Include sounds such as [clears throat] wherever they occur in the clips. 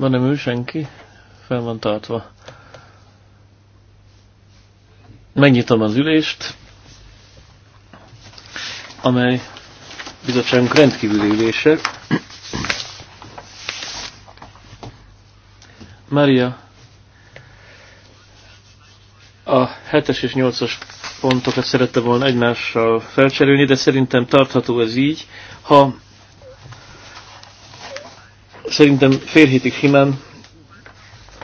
Ma nem ő senki? Fel van tartva. Megnyitom az ülést, amely bizottságunk rendkívüli ülése. Maria a 7-es és 8-as pontokat szerette volna egymással felcserélni, de szerintem tartható ez így, ha Szerintem fél hétig simán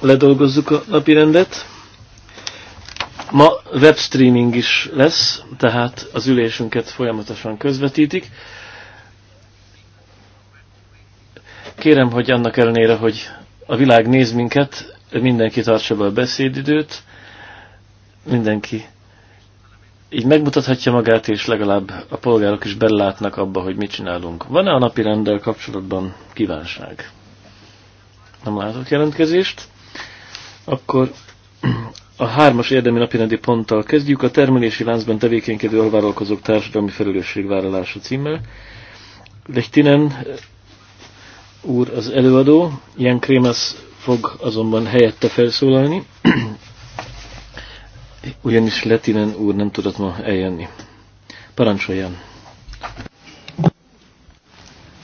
ledolgozzuk a napirendet. Ma webstreaming is lesz, tehát az ülésünket folyamatosan közvetítik. Kérem, hogy annak ellenére, hogy a világ néz minket, mindenki tartsa be a beszédidőt, mindenki így megmutathatja magát, és legalább a polgárok is belátnak abba, hogy mit csinálunk. Van-e a napi rendel kapcsolatban kívánság? nem látok jelentkezést. Akkor a hármas érdemi napirendi ponttal kezdjük, a termelési láncban tevékenykedő alvállalkozók társadalmi felelősségvállalása címmel. Lechtinen eh, úr az előadó, Jan Krémasz fog azonban helyette felszólalni, [clears throat] ugyanis Letinen úr nem tudott ma eljönni. Parancsoljan.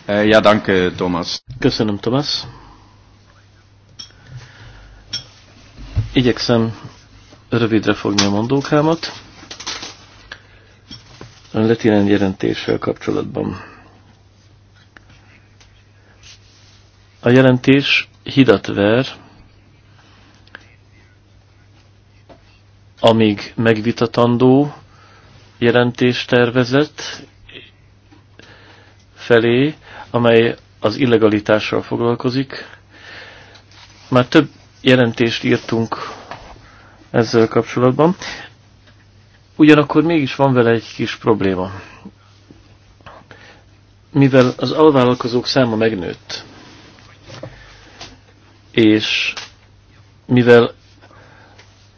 Eh, ja, danke, Thomas. Köszönöm, Thomas. Igyekszem rövidre fogni a mondókámat. A letilen jelentéssel kapcsolatban. A jelentés hidat ver, amíg megvitatandó tervezett felé, amely az illegalitással foglalkozik. Már több jelentést írtunk ezzel kapcsolatban. Ugyanakkor mégis van vele egy kis probléma. Mivel az alvállalkozók száma megnőtt, és mivel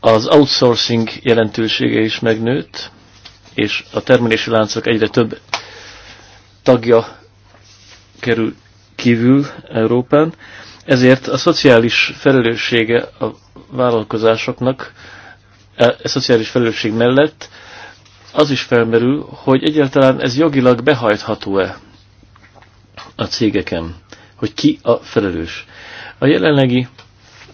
az outsourcing jelentősége is megnőtt, és a termelési láncok egyre több tagja kerül kívül Európán, ezért a szociális felelőssége a vállalkozásoknak, a e, e szociális felelősség mellett az is felmerül, hogy egyáltalán ez jogilag behajtható-e a cégeken, hogy ki a felelős. A jelenlegi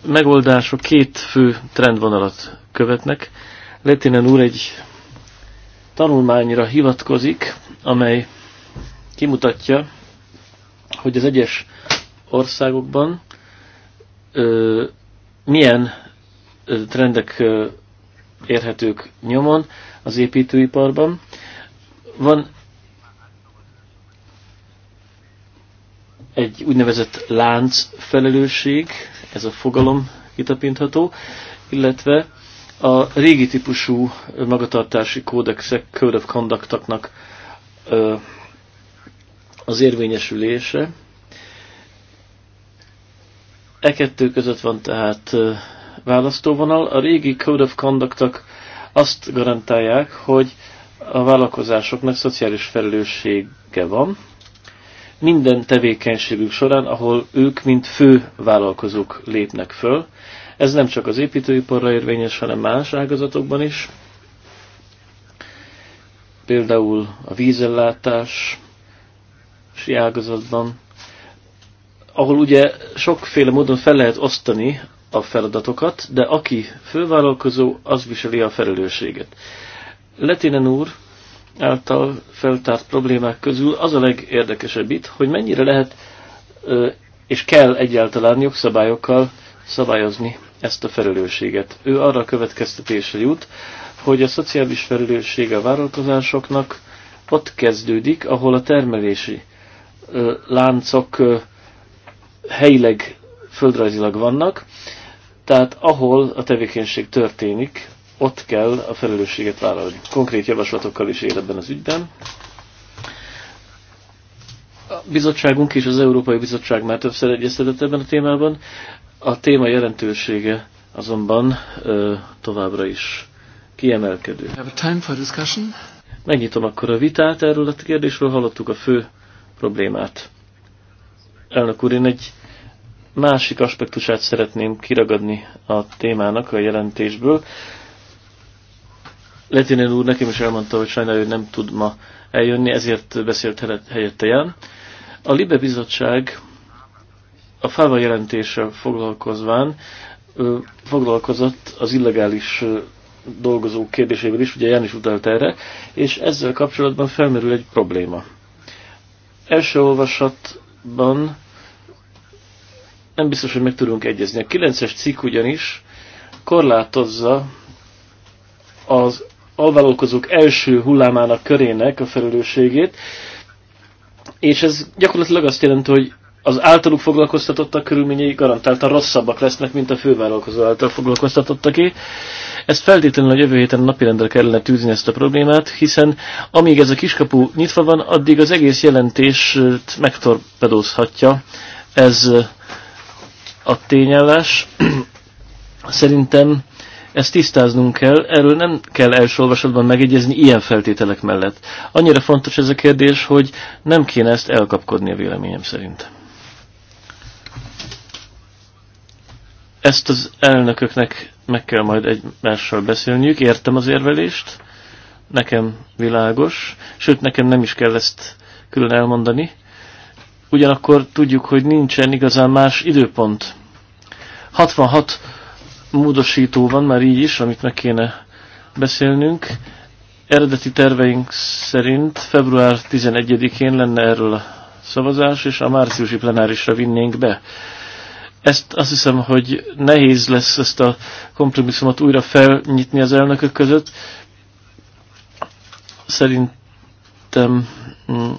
megoldások két fő trendvonalat követnek. Letinen úr egy tanulmányra hivatkozik, amely kimutatja, hogy az egyes országokban ö, milyen trendek érhetők nyomon az építőiparban. Van egy úgynevezett láncfelelősség, ez a fogalom kitapintható, illetve a régi típusú magatartási kódexek, code of conductoknak az érvényesülése, E kettő között van tehát választóvonal. A régi Code of conduct azt garantálják, hogy a vállalkozásoknak szociális felelőssége van minden tevékenységük során, ahol ők, mint fő vállalkozók lépnek föl. Ez nem csak az építőiparra érvényes, hanem más ágazatokban is. Például a vízellátás ágazatban, ahol ugye sokféle módon fel lehet osztani a feladatokat, de aki fővállalkozó, az viseli a felelősséget. Letinen úr által feltárt problémák közül az a legérdekesebb itt, hogy mennyire lehet és kell egyáltalán jogszabályokkal szabályozni ezt a felelősséget. Ő arra a következtetésre jut, hogy a szociális felelőssége a vállalkozásoknak ott kezdődik, ahol a termelési láncok helyileg, földrajzilag vannak, tehát ahol a tevékenység történik, ott kell a felelősséget vállalni. Konkrét javaslatokkal is él ebben az ügyben. A bizottságunk és az Európai Bizottság már többször egyeztetett ebben a témában. A téma jelentősége azonban ö, továbbra is kiemelkedő. Megnyitom akkor a vitát erről a kérdésről, hallottuk a fő problémát. Elnök úr, én egy másik aspektusát szeretném kiragadni a témának a jelentésből. Letinen úr nekem is elmondta, hogy sajnálja, hogy nem tud ma eljönni, ezért beszélt helyette Ján. A Libe Bizottság a fáva jelentése foglalkozván foglalkozott az illegális dolgozók kérdésével is, ugye Jan is utalt erre, és ezzel kapcsolatban felmerül egy probléma. Első olvasatban nem biztos, hogy meg tudunk egyezni. A 9-es cikk ugyanis korlátozza az alvállalkozók első hullámának körének a felelősségét, és ez gyakorlatilag azt jelenti, hogy az általuk foglalkoztatottak körülményei garantáltan rosszabbak lesznek, mint a fővállalkozó által foglalkoztatottaké. Ezt feltétlenül a jövő héten napirendre kellene tűzni ezt a problémát, hiszen amíg ez a kiskapu nyitva van, addig az egész jelentést megtorpedózhatja ez a tényállás. Szerintem ezt tisztáznunk kell, erről nem kell első olvasatban megegyezni ilyen feltételek mellett. Annyira fontos ez a kérdés, hogy nem kéne ezt elkapkodni a véleményem szerint. Ezt az elnököknek meg kell majd egymással beszélniük, értem az érvelést, nekem világos, sőt nekem nem is kell ezt külön elmondani, ugyanakkor tudjuk, hogy nincsen igazán más időpont. 66 módosító van már így is, amit meg kéne beszélnünk. Eredeti terveink szerint február 11-én lenne erről a szavazás, és a márciusi plenárisra vinnénk be. Ezt azt hiszem, hogy nehéz lesz ezt a kompromisszumot újra felnyitni az elnökök között. Szerintem mm,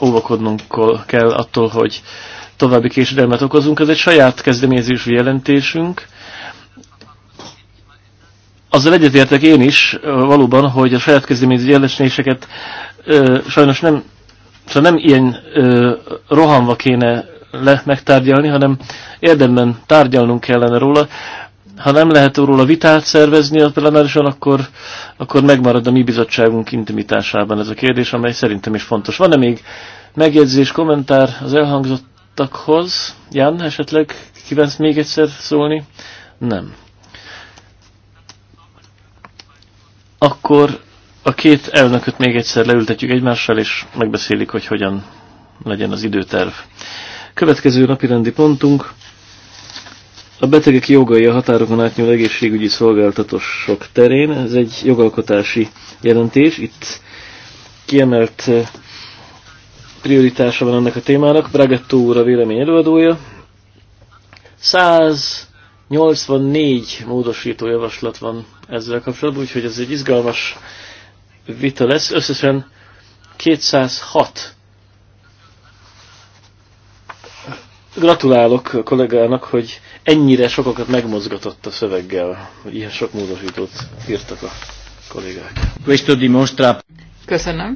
óvakodnunk kell attól, hogy további késedelmet okozunk. Ez egy saját kezdeményezésű jelentésünk. Azzal egyetértek én is valóban, hogy a saját kezdeményező jelentéseket sajnos nem, szóval nem ilyen ö, rohanva kéne le megtárgyalni, hanem érdemben tárgyalnunk kellene róla ha nem lehet róla vitát szervezni a plenárison, akkor, akkor megmarad a mi bizottságunk intimitásában ez a kérdés, amely szerintem is fontos. Van-e még megjegyzés, kommentár az elhangzottakhoz? Jan, esetleg kívánsz még egyszer szólni? Nem. Akkor a két elnököt még egyszer leültetjük egymással, és megbeszélik, hogy hogyan legyen az időterv. Következő napi rendi pontunk a betegek jogai a határokon átnyúló egészségügyi szolgáltatások terén. Ez egy jogalkotási jelentés. Itt kiemelt eh, prioritása van ennek a témának. Bragetto úr a vélemény előadója. 184 módosító javaslat van ezzel kapcsolatban, úgyhogy ez egy izgalmas vita lesz. Összesen 206 Gratulálok a kollégának, hogy ennyire sokakat megmozgatott a szöveggel, hogy ilyen sok módosítót írtak a kollégák. Köszönöm.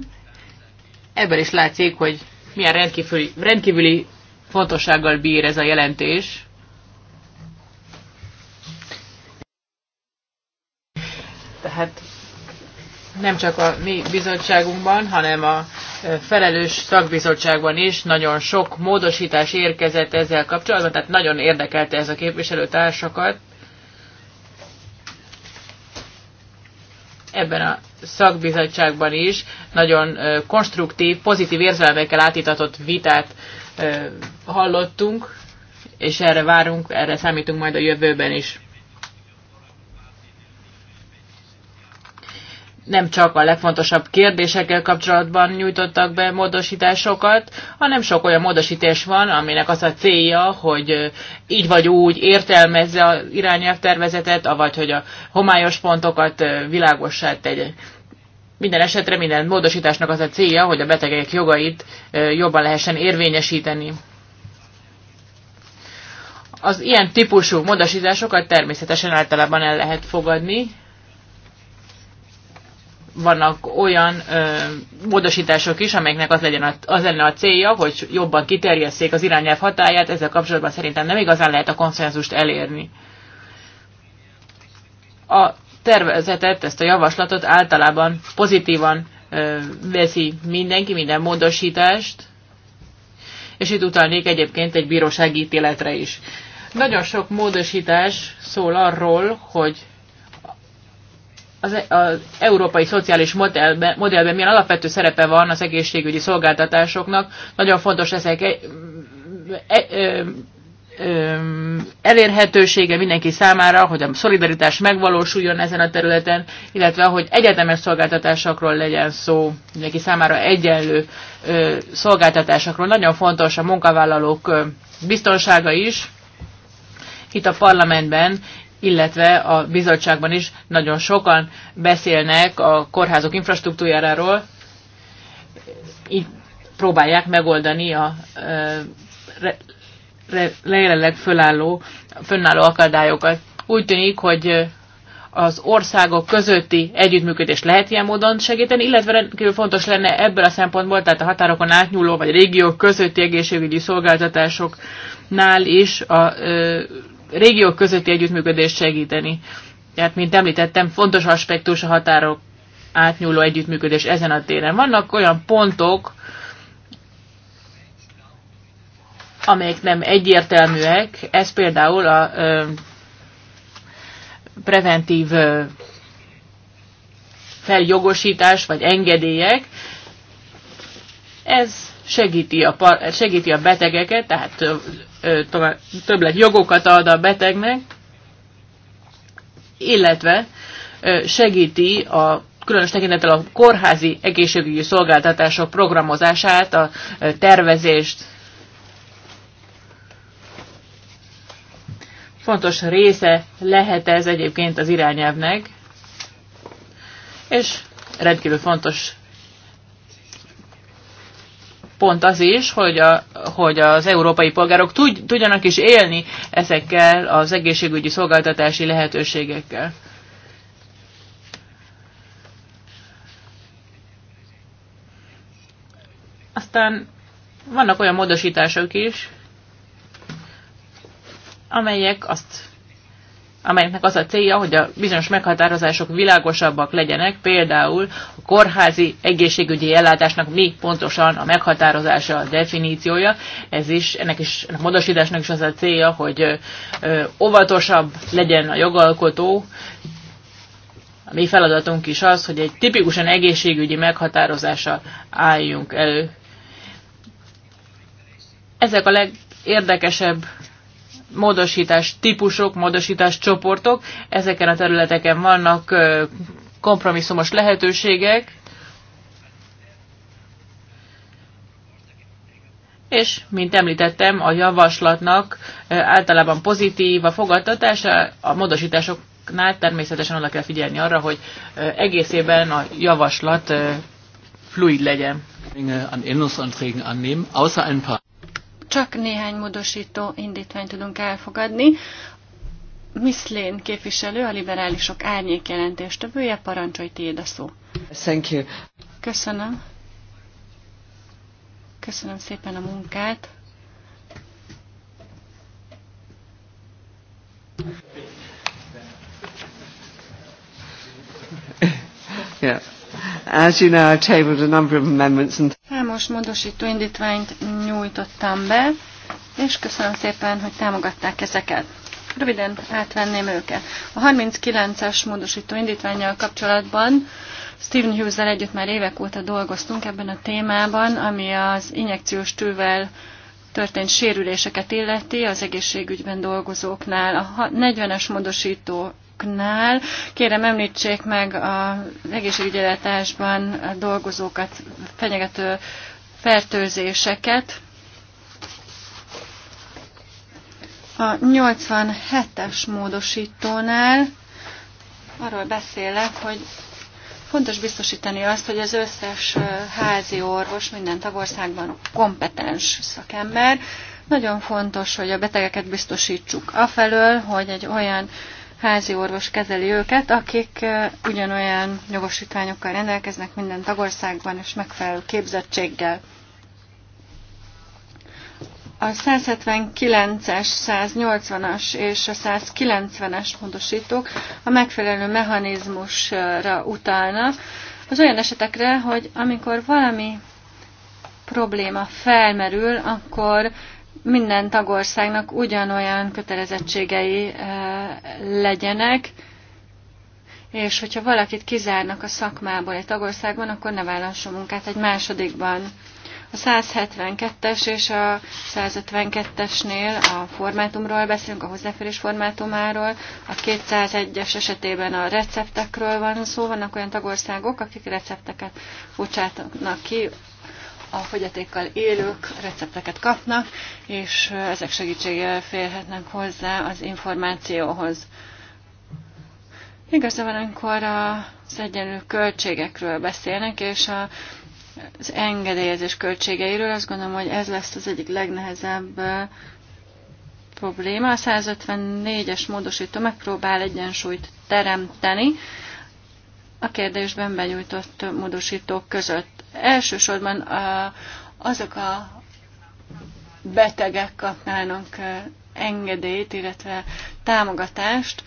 Ebben is látszik, hogy milyen rendkívüli, rendkívüli fontossággal bír ez a jelentés. Tehát nem csak a mi bizottságunkban, hanem a felelős szakbizottságban is nagyon sok módosítás érkezett ezzel kapcsolatban, tehát nagyon érdekelte ez a képviselőtársakat. Ebben a szakbizottságban is nagyon konstruktív, pozitív érzelmekkel átítatott vitát hallottunk, és erre várunk, erre számítunk majd a jövőben is. nem csak a legfontosabb kérdésekkel kapcsolatban nyújtottak be módosításokat, hanem sok olyan módosítás van, aminek az a célja, hogy így vagy úgy értelmezze az irányelvtervezetet, avagy hogy a homályos pontokat világossá tegye. Minden esetre minden módosításnak az a célja, hogy a betegek jogait jobban lehessen érvényesíteni. Az ilyen típusú módosításokat természetesen általában el lehet fogadni, vannak olyan ö, módosítások is, amelyeknek az, legyen a, az lenne a célja, hogy jobban kiterjesszék az irányelv hatáját, ezzel kapcsolatban szerintem nem igazán lehet a konszenzust elérni. A tervezetet, ezt a javaslatot általában pozitívan ö, veszi mindenki, minden módosítást, és itt utalnék egyébként egy bírósági ítéletre is. Nagyon sok módosítás szól arról, hogy az, az európai szociális modellben, modellben milyen alapvető szerepe van az egészségügyi szolgáltatásoknak. Nagyon fontos ezek e, e, e, e, elérhetősége mindenki számára, hogy a szolidaritás megvalósuljon ezen a területen, illetve hogy egyetemes szolgáltatásokról legyen szó, mindenki számára egyenlő e, szolgáltatásokról. Nagyon fontos a munkavállalók biztonsága is, itt a parlamentben illetve a bizottságban is nagyon sokan beszélnek a kórházok infrastruktúrájáról, így próbálják megoldani a lejelenleg fölálló, fönnálló akadályokat. Úgy tűnik, hogy az országok közötti együttműködés lehet ilyen módon segíteni, illetve rendkívül fontos lenne ebből a szempontból, tehát a határokon átnyúló vagy régiók közötti egészségügyi szolgáltatásoknál is a ö, régiók közötti együttműködést segíteni. Tehát, mint említettem, fontos aspektus a határok átnyúló együttműködés ezen a téren. Vannak olyan pontok, amelyek nem egyértelműek, ez például a ö, preventív ö, feljogosítás vagy engedélyek, ez segíti a, segíti a betegeket, tehát többlet jogokat ad a betegnek, illetve segíti a különös tekintettel a kórházi egészségügyi szolgáltatások programozását, a tervezést. Fontos része lehet ez egyébként az irányelvnek, és rendkívül fontos pont az is, hogy, a, hogy az európai polgárok tud, tudjanak is élni ezekkel az egészségügyi szolgáltatási lehetőségekkel. Aztán vannak olyan módosítások is, amelyek azt amelynek az a célja, hogy a bizonyos meghatározások világosabbak legyenek, például a kórházi egészségügyi ellátásnak mi pontosan a meghatározása, a definíciója. Ez is, ennek is, ennek a módosításnak is az a célja, hogy óvatosabb legyen a jogalkotó, a mi feladatunk is az, hogy egy tipikusan egészségügyi meghatározással álljunk elő. Ezek a legérdekesebb módosítás típusok, módosítás csoportok, ezeken a területeken vannak kompromisszumos lehetőségek, és, mint említettem, a javaslatnak általában pozitív a fogadtatása, a módosításoknál természetesen oda kell figyelni arra, hogy egészében a javaslat fluid legyen csak néhány módosító indítványt tudunk elfogadni. Miss Lane képviselő, a liberálisok árnyék többője, parancsolj tiéd a szó. Thank you. Köszönöm. Köszönöm szépen a munkát. Yeah. As you know, I tabled a number of amendments and számos módosító indítványt nyújtottam be, és köszönöm szépen, hogy támogatták ezeket. Röviden átvenném őket. A 39-es módosító indítványjal kapcsolatban Steven hughes együtt már évek óta dolgoztunk ebben a témában, ami az injekciós tűvel történt sérüléseket illeti az egészségügyben dolgozóknál. A 40-es módosító tagállamoknál. Kérem, említsék meg az egészségügyeletásban dolgozókat fenyegető fertőzéseket. A 87-es módosítónál arról beszélek, hogy fontos biztosítani azt, hogy az összes házi orvos minden tagországban kompetens szakember. Nagyon fontos, hogy a betegeket biztosítsuk afelől, hogy egy olyan házi orvos kezeli őket, akik ugyanolyan jogosítványokkal rendelkeznek minden tagországban és megfelelő képzettséggel. A 179-es, 180-as és a 190-es módosítók a megfelelő mechanizmusra utalnak. Az olyan esetekre, hogy amikor valami probléma felmerül, akkor minden tagországnak ugyanolyan kötelezettségei eh, legyenek, és hogyha valakit kizárnak a szakmából egy tagországban, akkor ne vállalson munkát egy másodikban. A 172-es és a 152-esnél a formátumról beszélünk, a hozzáférés formátumáról, a 201-es esetében a receptekről van szó, vannak olyan tagországok, akik recepteket bocsátnak ki a fogyatékkal élők recepteket kapnak, és ezek segítségével férhetnek hozzá az információhoz. Igazából van, amikor az egyenlő költségekről beszélnek, és a, az engedélyezés költségeiről, azt gondolom, hogy ez lesz az egyik legnehezebb probléma. A 154-es módosító megpróbál egyensúlyt teremteni a kérdésben benyújtott módosítók között elsősorban azok a betegek kapnának engedélyt, illetve támogatást,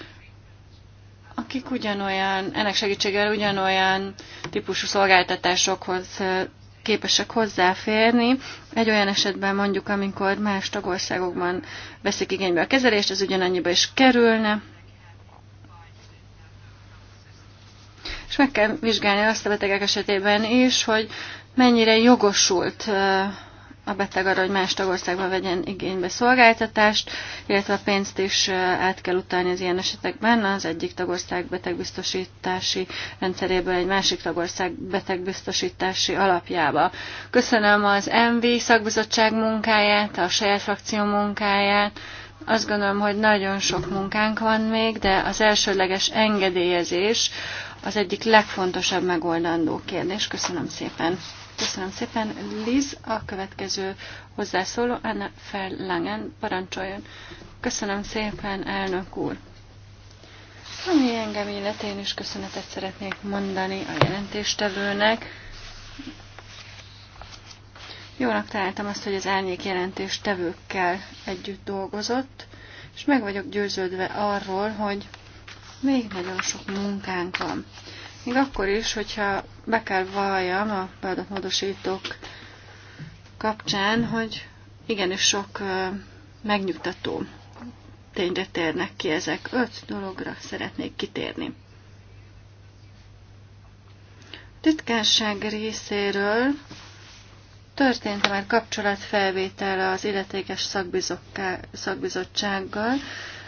akik ugyanolyan, ennek segítségével ugyanolyan típusú szolgáltatásokhoz képesek hozzáférni. Egy olyan esetben mondjuk, amikor más tagországokban veszik igénybe a kezelést, ez ugyanannyiba is kerülne, és meg kell vizsgálni azt a betegek esetében is, hogy mennyire jogosult a beteg arra, hogy más tagországban vegyen igénybe szolgáltatást, illetve a pénzt is át kell utalni az ilyen esetekben az egyik tagország betegbiztosítási rendszeréből egy másik tagország betegbiztosítási alapjába. Köszönöm az MV szakbizottság munkáját, a saját frakció munkáját, azt gondolom, hogy nagyon sok munkánk van még, de az elsőleges engedélyezés az egyik legfontosabb megoldandó kérdés. Köszönöm szépen. Köszönöm szépen. Liz, a következő hozzászóló, Anna Ferlangen, parancsoljon. Köszönöm szépen, elnök úr. Ami engem illet, én is köszönetet szeretnék mondani a jelentéstevőnek Jónak találtam azt, hogy az árnyék jelentés tevőkkel együtt dolgozott, és meg vagyok győződve arról, hogy még nagyon sok munkánk van. Még akkor is, hogyha be kell valljam a beadott kapcsán, hogy igenis sok megnyugtató tényre térnek ki ezek. Öt dologra szeretnék kitérni. A titkárság részéről Történt-e már kapcsolatfelvétel az illetékes szakbizottsággal,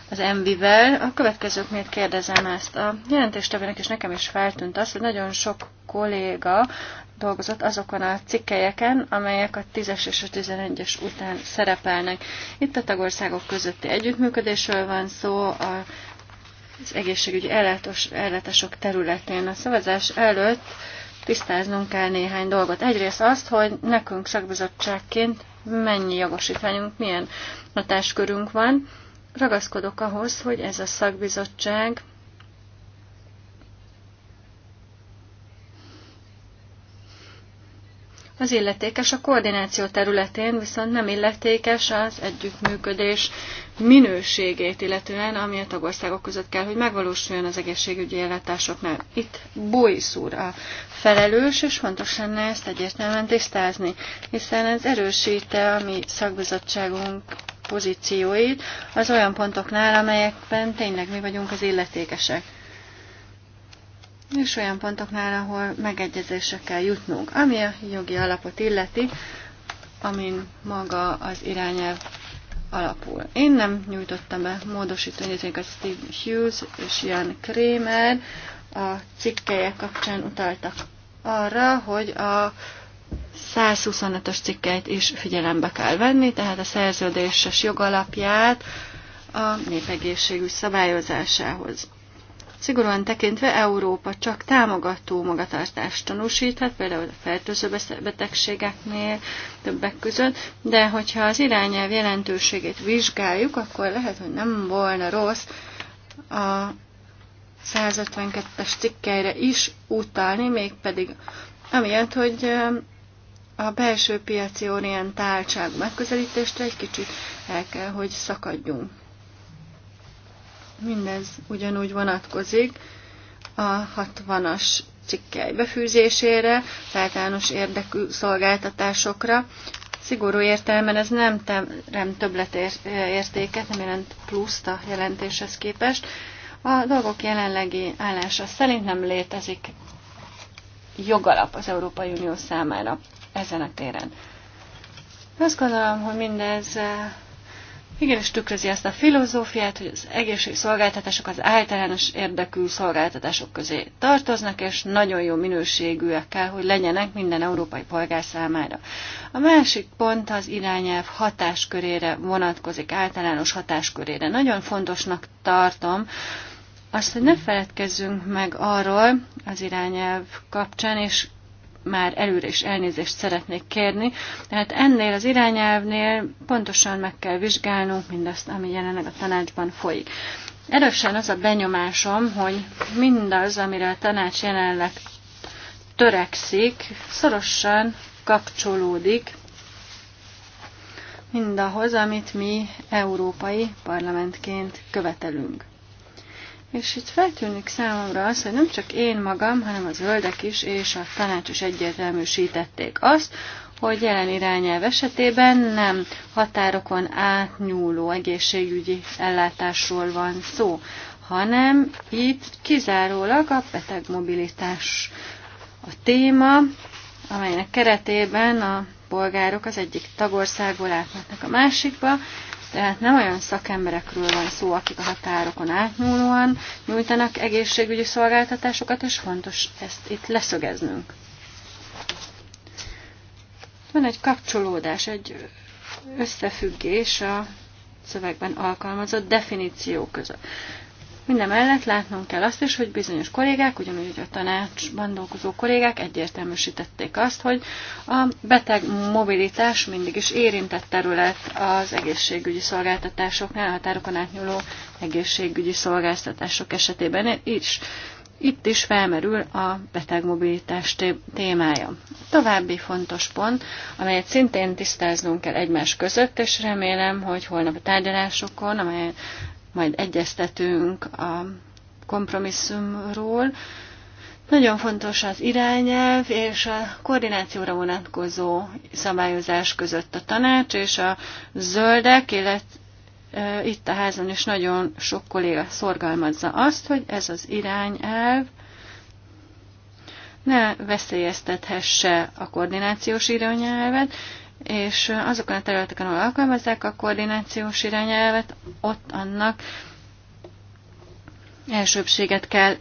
az MV-vel? A következők miért kérdezem ezt. A jelentéstevének és nekem is feltűnt az, hogy nagyon sok kolléga dolgozott azokon a cikkelyeken, amelyek a 10-es és a 11-es után szerepelnek. Itt a tagországok közötti együttműködésről van szó, a az egészségügyi ellátos, ellátások területén. A szavazás előtt tisztáznunk kell néhány dolgot. Egyrészt azt, hogy nekünk szakbizottságként mennyi jogosítványunk, milyen hatáskörünk van. Ragaszkodok ahhoz, hogy ez a szakbizottság az illetékes a koordináció területén, viszont nem illetékes az együttműködés minőségét, illetően ami a tagországok között kell, hogy megvalósuljon az egészségügyi ellátásoknál. Itt Bois úr a felelős, és fontos lenne ezt egyértelműen tisztázni, hiszen ez erősíte a mi szakbizottságunk pozícióit az olyan pontoknál, amelyekben tényleg mi vagyunk az illetékesek és olyan pontoknál, ahol megegyezésre kell jutnunk. Ami a jogi alapot illeti, amin maga az irányelv alapul. Én nem nyújtottam be módosító a Steve Hughes és Jan Kramer a cikkelyek kapcsán utaltak arra, hogy a 125-ös cikkeit is figyelembe kell venni, tehát a szerződéses jogalapját a népegészségügy szabályozásához. Szigorúan tekintve Európa csak támogató magatartást tanúsíthat, például a fertőző betegségeknél többek között, de hogyha az irányelv jelentőségét vizsgáljuk, akkor lehet, hogy nem volna rossz a 152-es cikkelyre is utalni, mégpedig amiatt, hogy a belső piaci orientáltság megközelítéstől egy kicsit el kell, hogy szakadjunk. Mindez ugyanúgy vonatkozik a 60-as cikkely befűzésére, feltános érdekű szolgáltatásokra. Szigorú értelemben ez nem terem többletértéket, nem jelent pluszt a jelentéshez képest. A dolgok jelenlegi állása szerint nem létezik jogalap az Európai Unió számára ezen a téren. Azt gondolom, hogy mindez igen, és tükrözi ezt a filozófiát, hogy az szolgáltatások az általános érdekű szolgáltatások közé tartoznak, és nagyon jó minőségűek kell, hogy legyenek minden európai polgár számára. A másik pont az irányelv hatáskörére vonatkozik, általános hatáskörére. Nagyon fontosnak tartom, azt, hogy ne feledkezzünk meg arról az irányelv kapcsán, és már előre is elnézést szeretnék kérni. Tehát ennél az irányelvnél pontosan meg kell vizsgálnunk mindazt, ami jelenleg a tanácsban folyik. Erősen az a benyomásom, hogy mindaz, amire a tanács jelenleg törekszik, szorosan kapcsolódik mindahhoz, amit mi európai parlamentként követelünk. És itt feltűnik számomra az, hogy nem csak én magam, hanem az völdek is és a tanács is egyértelműsítették azt, hogy jelen irányelv esetében nem határokon átnyúló egészségügyi ellátásról van szó, hanem itt kizárólag a betegmobilitás a téma, amelynek keretében a polgárok az egyik tagországból átmennek a másikba, tehát nem olyan szakemberekről van szó, akik a határokon átnyúlóan nyújtanak egészségügyi szolgáltatásokat, és fontos ezt itt leszögeznünk. Van egy kapcsolódás, egy összefüggés a szövegben alkalmazott definíció között. Minden mellett látnunk kell azt is, hogy bizonyos kollégák, ugyanúgy, hogy a tanácsban dolgozó kollégák egyértelműsítették azt, hogy a beteg mobilitás mindig is érintett terület az egészségügyi szolgáltatásoknál, a határokon átnyúló egészségügyi szolgáltatások esetében is. Itt is felmerül a betegmobilitás témája. További fontos pont, amelyet szintén tisztáznunk kell egymás között, és remélem, hogy holnap a tárgyalásokon, amelyet majd egyeztetünk a kompromisszumról. Nagyon fontos az irányelv és a koordinációra vonatkozó szabályozás között a tanács és a zöldek, illetve itt a házon is nagyon sok kolléga szorgalmazza azt, hogy ez az irányelv ne veszélyeztethesse a koordinációs irányelvet, és azokon a területeken, ahol alkalmazzák a koordinációs irányelvet, ott annak elsőbséget kell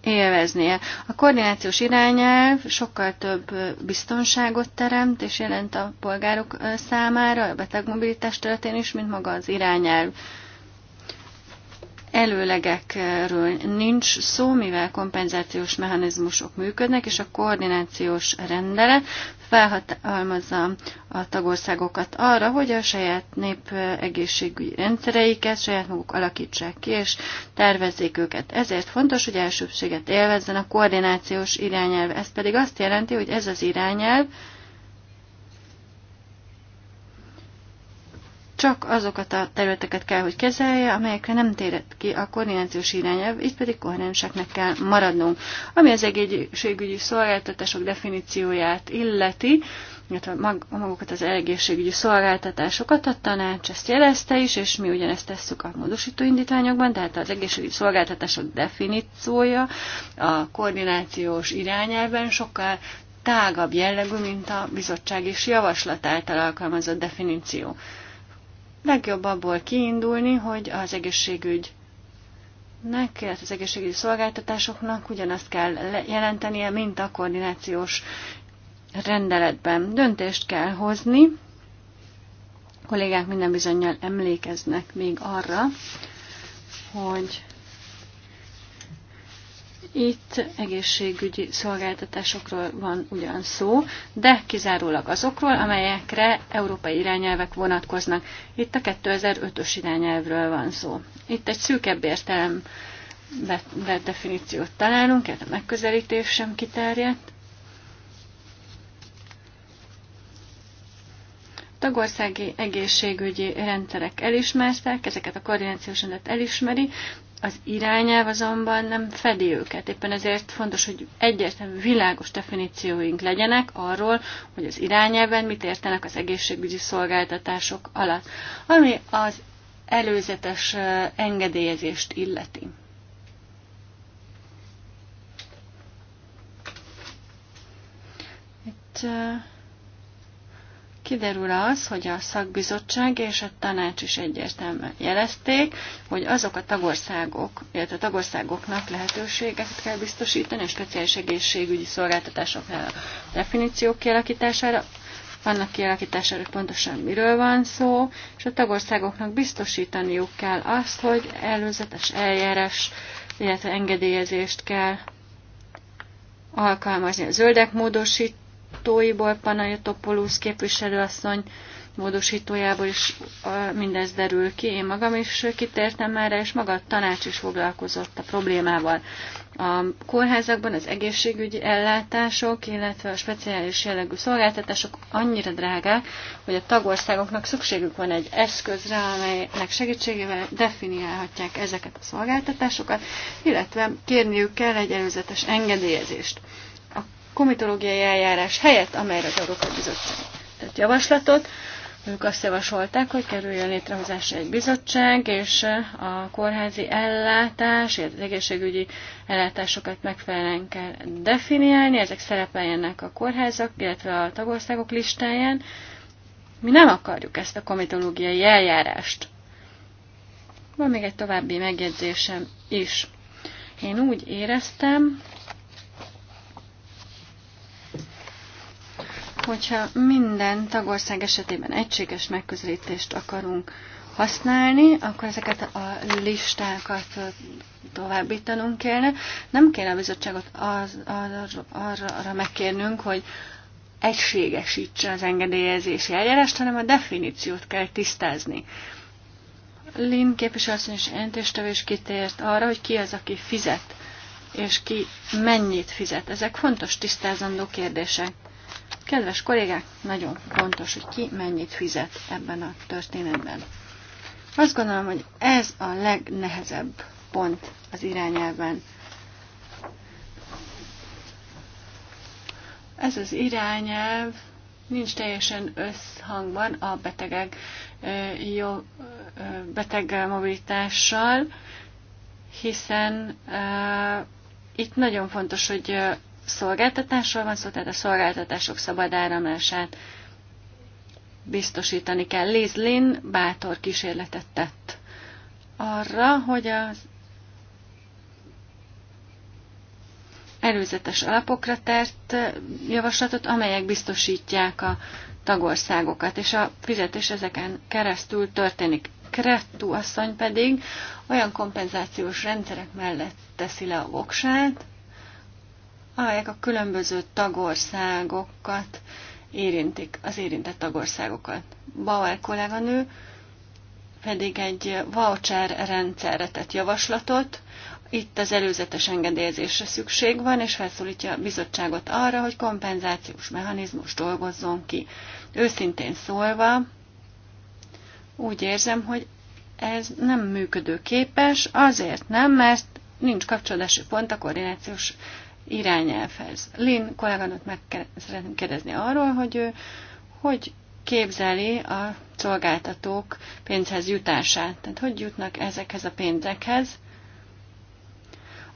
élveznie. A koordinációs irányelv sokkal több biztonságot teremt, és jelent a polgárok számára, a betegmobilitás területén is, mint maga az irányelv előlegekről nincs szó, mivel kompenzációs mechanizmusok működnek, és a koordinációs rendelet felhatalmazza a tagországokat arra, hogy a saját nép egészségügyi rendszereiket saját maguk alakítsák ki, és tervezzék őket. Ezért fontos, hogy elsőbséget élvezzen a koordinációs irányelv. Ez pedig azt jelenti, hogy ez az irányelv csak azokat a területeket kell, hogy kezelje, amelyekre nem térett ki a koordinációs irányelv, itt pedig koherenseknek kell maradnunk. Ami az egészségügyi szolgáltatások definícióját illeti, illetve mag, magukat az egészségügyi szolgáltatásokat, a tanács ezt jelezte is, és mi ugyanezt tesszük a módosító indítványokban, tehát az egészségügyi szolgáltatások definíciója a koordinációs irányelven sokkal tágabb jellegű, mint a bizottság és javaslat által alkalmazott definíció. Legjobb abból kiindulni, hogy az egészségügy nek, illetve az egészségügyi szolgáltatásoknak ugyanazt kell jelentenie, mint a koordinációs rendeletben. Döntést kell hozni, a kollégák minden bizonyal emlékeznek még arra, hogy itt egészségügyi szolgáltatásokról van ugyan szó, de kizárólag azokról, amelyekre európai irányelvek vonatkoznak. Itt a 2005-ös irányelvről van szó. Itt egy szűkebb értelem definíciót találunk, ez a megközelítés sem kiterjedt. tagországi egészségügyi rendszerek elismertek, ezeket a koordinációs rendet elismeri, az irányelv azonban nem fedi őket, éppen ezért fontos, hogy egyértelmű világos definícióink legyenek arról, hogy az irányelven mit értenek az egészségügyi szolgáltatások alatt, ami az előzetes engedélyezést illeti. Itt kiderül az, hogy a szakbizottság és a tanács is egyértelműen jelezték, hogy azok a tagországok, illetve a tagországoknak lehetőséget kell biztosítani a speciális egészségügyi szolgáltatásoknál a definíciók kialakítására, annak kialakítására, hogy pontosan miről van szó, és a tagországoknak biztosítaniuk kell azt, hogy előzetes eljárás, illetve engedélyezést kell alkalmazni. A zöldek módosít módosítóiból, képviselő képviselőasszony módosítójából is mindez derül ki. Én magam is kitértem már, és maga a tanács is foglalkozott a problémával. A kórházakban az egészségügyi ellátások, illetve a speciális jellegű szolgáltatások annyira drágák, hogy a tagországoknak szükségük van egy eszközre, amelynek segítségével definiálhatják ezeket a szolgáltatásokat, illetve kérniük kell egy előzetes engedélyezést komitológiai eljárás helyett, amelyre az Európai Bizottság tett javaslatot. Ők azt javasolták, hogy kerüljön létrehozásra egy bizottság, és eh, a kórházi ellátás, illetve az egészségügyi ellátásokat megfelelően kell definiálni, ezek szerepeljenek a kórházak, illetve a tagországok listáján. Mi nem akarjuk ezt a komitológiai eljárást. Van még egy további megjegyzésem is. Én úgy éreztem, hogyha minden tagország esetében egységes megközelítést akarunk használni, akkor ezeket a listákat továbbítanunk kellene. Nem kéne a bizottságot az, arra, arra megkérnünk, hogy egységesítse az engedélyezési eljárást, hanem a definíciót kell tisztázni. Lin képviselőasszony és jelentéstevés kitért arra, hogy ki az, aki fizet, és ki mennyit fizet. Ezek fontos tisztázandó kérdések. Kedves kollégák, nagyon fontos, hogy ki mennyit fizet ebben a történetben. Azt gondolom, hogy ez a legnehezebb pont az irányelven. Ez az irányelv nincs teljesen összhangban a betegek jó beteg mobilitással, hiszen uh, itt nagyon fontos, hogy szolgáltatásról van szó, tehát a szolgáltatások szabad áramlását biztosítani kell. Liz Lynn bátor kísérletet tett arra, hogy az előzetes alapokra tert javaslatot, amelyek biztosítják a tagországokat, és a fizetés ezeken keresztül történik. Krettu asszony pedig olyan kompenzációs rendszerek mellett teszi le a voksát, amelyek a különböző tagországokat érintik, az érintett tagországokat. Bauer kolléganő pedig egy voucher rendszerre tett javaslatot, itt az előzetes engedélyezésre szükség van, és felszólítja a bizottságot arra, hogy kompenzációs mechanizmus dolgozzon ki. Őszintén szólva, úgy érzem, hogy ez nem működőképes, azért nem, mert nincs kapcsolási pont a koordinációs irányelvhez. Lin kolléganőt meg szeretném kérdezni arról, hogy ő hogy képzeli a szolgáltatók pénzhez jutását, tehát hogy jutnak ezekhez a pénzekhez,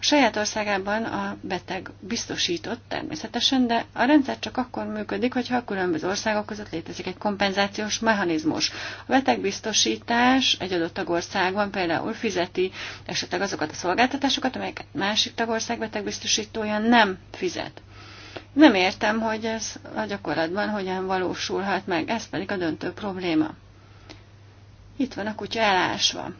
saját országában a beteg biztosított természetesen, de a rendszer csak akkor működik, hogyha a különböző országok között létezik egy kompenzációs mechanizmus. A betegbiztosítás egy adott tagországban például fizeti esetleg azokat a szolgáltatásokat, amelyeket másik tagország betegbiztosítója nem fizet. Nem értem, hogy ez a gyakorlatban hogyan valósulhat meg, ez pedig a döntő probléma. Itt van a kutya elásva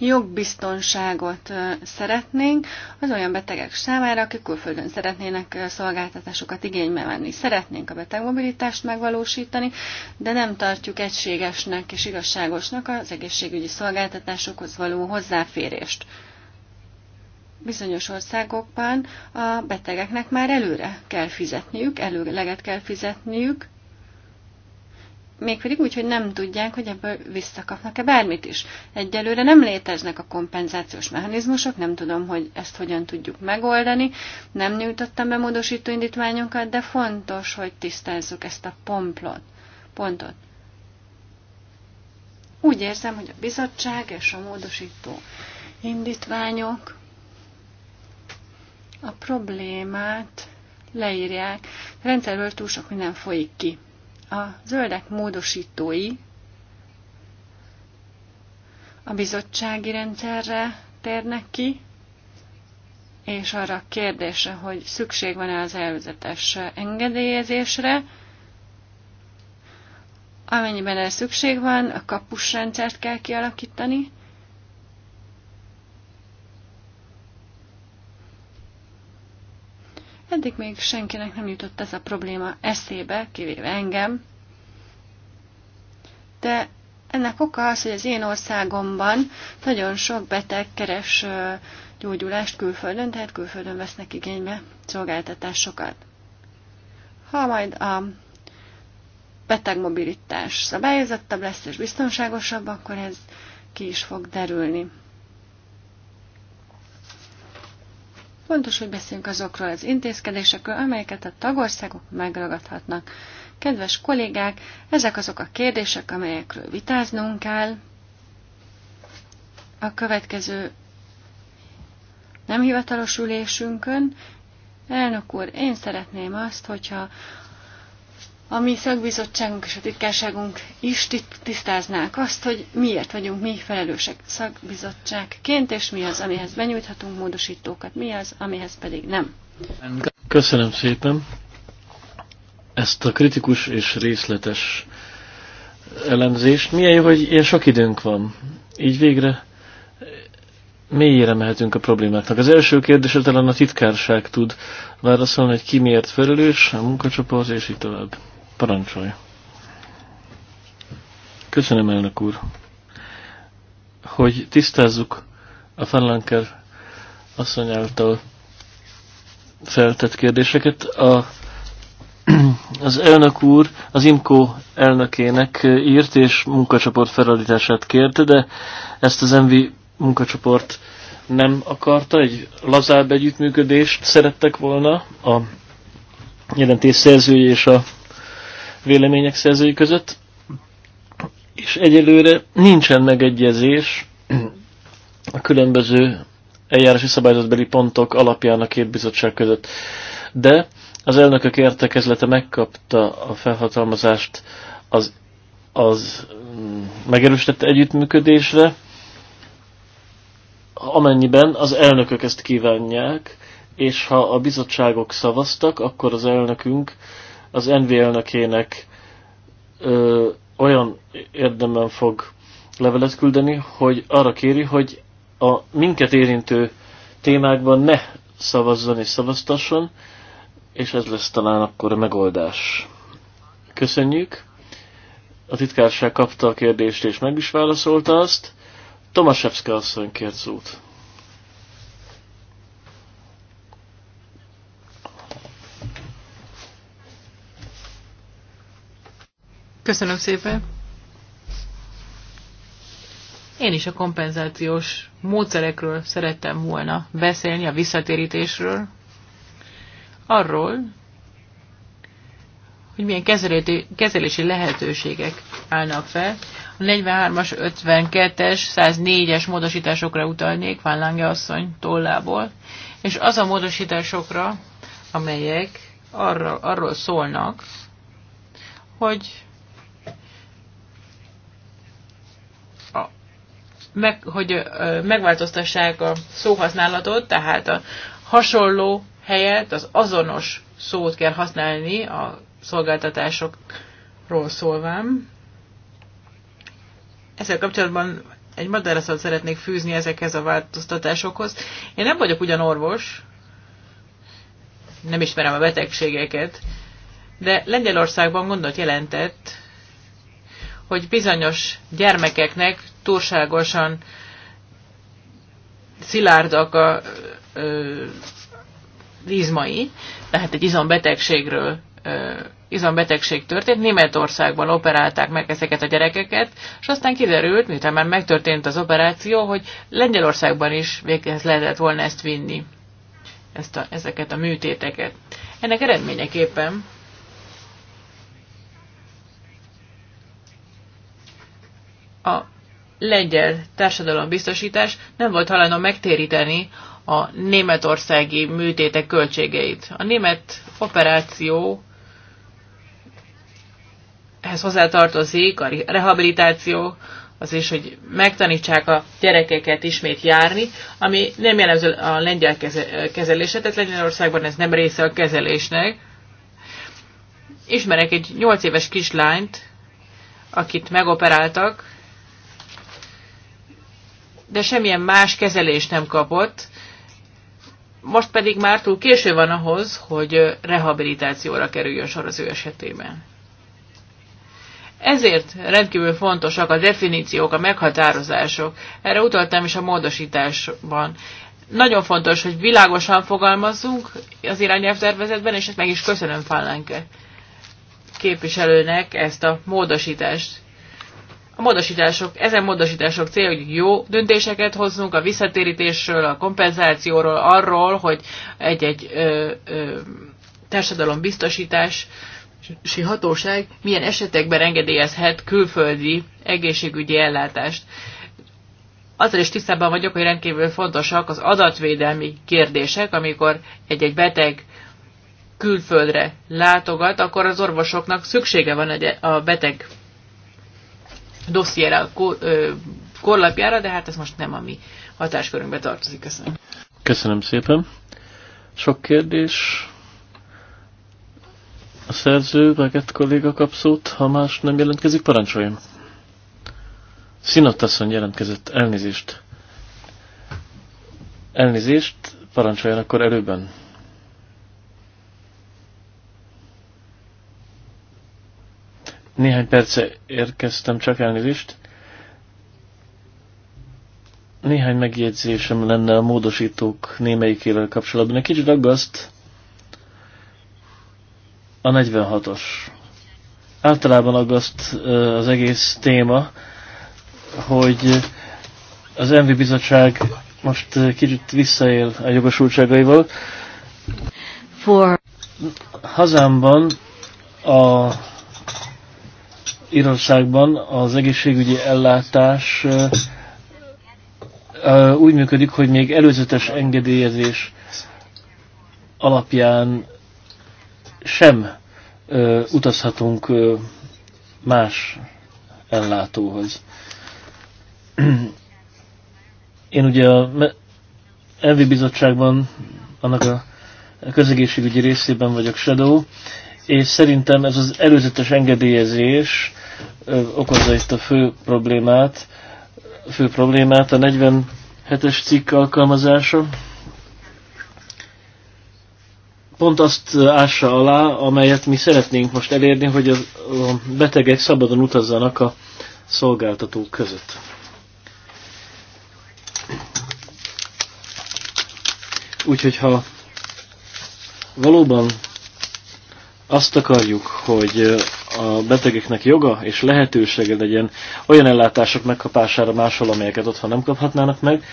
jogbiztonságot szeretnénk az olyan betegek számára, akik külföldön szeretnének szolgáltatásokat igénybe venni. Szeretnénk a betegmobilitást megvalósítani, de nem tartjuk egységesnek és igazságosnak az egészségügyi szolgáltatásokhoz való hozzáférést bizonyos országokban a betegeknek már előre kell fizetniük, előleget kell fizetniük, mégpedig úgy, hogy nem tudják, hogy ebből visszakapnak-e bármit is. Egyelőre nem léteznek a kompenzációs mechanizmusok, nem tudom, hogy ezt hogyan tudjuk megoldani, nem nyújtottam be módosító indítványokat, de fontos, hogy tisztázzuk ezt a pomplot, pontot. Úgy érzem, hogy a bizottság és a módosító indítványok a problémát leírják. Rendszerről túl sok minden folyik ki. A zöldek módosítói a bizottsági rendszerre térnek ki, és arra a kérdésre, hogy szükség van-e az előzetes engedélyezésre. Amennyiben erre szükség van, a kapusrendszert kell kialakítani, Eddig még senkinek nem jutott ez a probléma eszébe, kivéve engem. De ennek oka az, hogy az én országomban nagyon sok beteg keres gyógyulást külföldön, tehát külföldön vesznek igénybe szolgáltatásokat. Ha majd a betegmobilitás szabályozottabb lesz és biztonságosabb, akkor ez ki is fog derülni. Fontos, hogy beszéljünk azokról az intézkedésekről, amelyeket a tagországok megragadhatnak. Kedves kollégák, ezek azok a kérdések, amelyekről vitáznunk kell. A következő nem hivatalos ülésünkön. Elnök úr, én szeretném azt, hogyha a mi szakbizottságunk és a titkárságunk is tisztáznák azt, hogy miért vagyunk mi felelősek szakbizottságként, és mi az, amihez benyújthatunk módosítókat, mi az, amihez pedig nem. Köszönöm szépen ezt a kritikus és részletes elemzést. Milyen jó, hogy ilyen sok időnk van. Így végre mélyére mehetünk a problémáknak. Az első kérdés talán a titkárság tud válaszolni, hogy ki miért felelős, a munkacsoport, és így tovább. Parancsolja. Köszönöm, elnök úr, hogy tisztázzuk a Fanlanker asszony által feltett kérdéseket. A, az elnök úr az IMKO elnökének írt és munkacsoport felállítását kérte, de ezt az MV munkacsoport nem akarta, egy lazább együttműködést szerettek volna a jelentés szerzője és a vélemények szerzői között, és egyelőre nincsen megegyezés a különböző eljárási szabályzatbeli pontok alapján a két bizottság között. De az elnökök értekezlete megkapta a felhatalmazást az, az megerősített együttműködésre, amennyiben az elnökök ezt kívánják, és ha a bizottságok szavaztak, akkor az elnökünk az NV elnökének ö, olyan érdemben fog levelet küldeni, hogy arra kéri, hogy a minket érintő témákban ne szavazzon és szavaztasson, és ez lesz talán akkor a megoldás. Köszönjük! A titkárság kapta a kérdést és meg is válaszolta azt. Tomaszewska asszony kért szót. Köszönöm szépen. Én is a kompenzációs módszerekről szerettem volna beszélni, a visszatérítésről, arról, hogy milyen kezelési lehetőségek állnak fel. A 43-as, 52-es, 104-es módosításokra utalnék Van Lange asszony tollából, és az a módosításokra, amelyek arra, arról szólnak, hogy meg, hogy megváltoztassák a szóhasználatot, tehát a hasonló helyet az azonos szót kell használni a szolgáltatásokról szólván. Ezzel kapcsolatban egy madaraszat szeretnék fűzni ezekhez a változtatásokhoz. Én nem vagyok ugyan orvos, nem ismerem a betegségeket, de Lengyelországban gondot jelentett, hogy bizonyos gyermekeknek túlságosan szilárdak a ö, izmai, tehát egy izombetegségről ö, izombetegség történt. Németországban operálták meg ezeket a gyerekeket, és aztán kiderült, miután már megtörtént az operáció, hogy Lengyelországban is véghez lehetett volna ezt vinni, ezt a, ezeket a műtéteket. Ennek eredményeképpen a lengyel társadalombiztosítás nem volt hajlandó megtéríteni a németországi műtétek költségeit. A német operáció ehhez hozzátartozik a rehabilitáció, az is, hogy megtanítsák a gyerekeket ismét járni, ami nem jellemző a lengyel kezelése, tehát Lengyelországban ez nem része a kezelésnek. Ismerek egy 8 éves kislányt, akit megoperáltak, de semmilyen más kezelést nem kapott. Most pedig már túl késő van ahhoz, hogy rehabilitációra kerüljön sor az ő esetében. Ezért rendkívül fontosak a definíciók, a meghatározások. Erre utaltam is a módosításban. Nagyon fontos, hogy világosan fogalmazzunk az irányelvtervezetben, és ezt meg is köszönöm Fallánke képviselőnek ezt a módosítást. A módosítások, ezen módosítások célja, hogy jó döntéseket hozzunk a visszatérítésről, a kompenzációról, arról, hogy egy-egy társadalom biztosítás si hatóság milyen esetekben engedélyezhet külföldi egészségügyi ellátást. Azzal is tisztában vagyok, hogy rendkívül fontosak az adatvédelmi kérdések, amikor egy-egy beteg külföldre látogat, akkor az orvosoknak szüksége van a beteg dossziéra, a korlapjára, de hát ez most nem a mi hatáskörünkbe tartozik. Köszönöm. Köszönöm szépen. Sok kérdés. A szerző, Vegett kolléga kap szót, ha más nem jelentkezik, parancsoljon. Szinott jelentkezett, elnézést. Elnézést, parancsoljon akkor előben. Néhány perce érkeztem, csak elnézést. Néhány megjegyzésem lenne a módosítók némelyikével kapcsolatban. Egy kicsit aggaszt a 46-os. Általában aggaszt az egész téma, hogy az MV bizottság most kicsit visszaél a jogosultságaival. For... Hazámban a Írországban az egészségügyi ellátás úgy működik, hogy még előzetes engedélyezés alapján sem utazhatunk más ellátóhoz. Én ugye a Envi Bizottságban, annak a közegészségügyi részében vagyok Shadow, és szerintem ez az előzetes engedélyezés okozza itt a fő problémát, a fő problémát a 47-es cikk alkalmazása. Pont azt ássa alá, amelyet mi szeretnénk most elérni, hogy a betegek szabadon utazzanak a szolgáltatók között. Úgyhogy ha valóban azt akarjuk, hogy a betegeknek joga és lehetősége legyen olyan ellátások megkapására máshol, amelyeket otthon nem kaphatnának meg,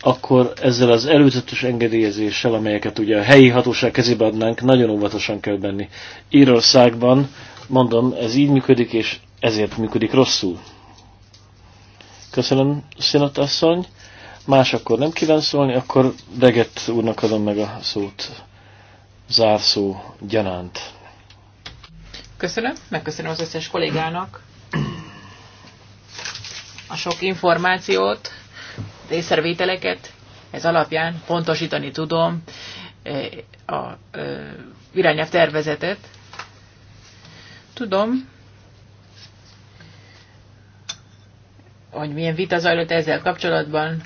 akkor ezzel az előzetes engedélyezéssel, amelyeket ugye a helyi hatóság kezébe adnánk, nagyon óvatosan kell benni. Írországban, mondom, ez így működik, és ezért működik rosszul. Köszönöm, Szinat asszony. Más akkor nem kíván szólni, akkor Beget úrnak adom meg a szót zárszó gyanánt. Megköszönöm, megköszönöm az összes kollégának a sok információt, észrevételeket. Ez alapján pontosítani tudom e, a e, irányelv tervezetet. Tudom, hogy milyen vita zajlott ezzel kapcsolatban.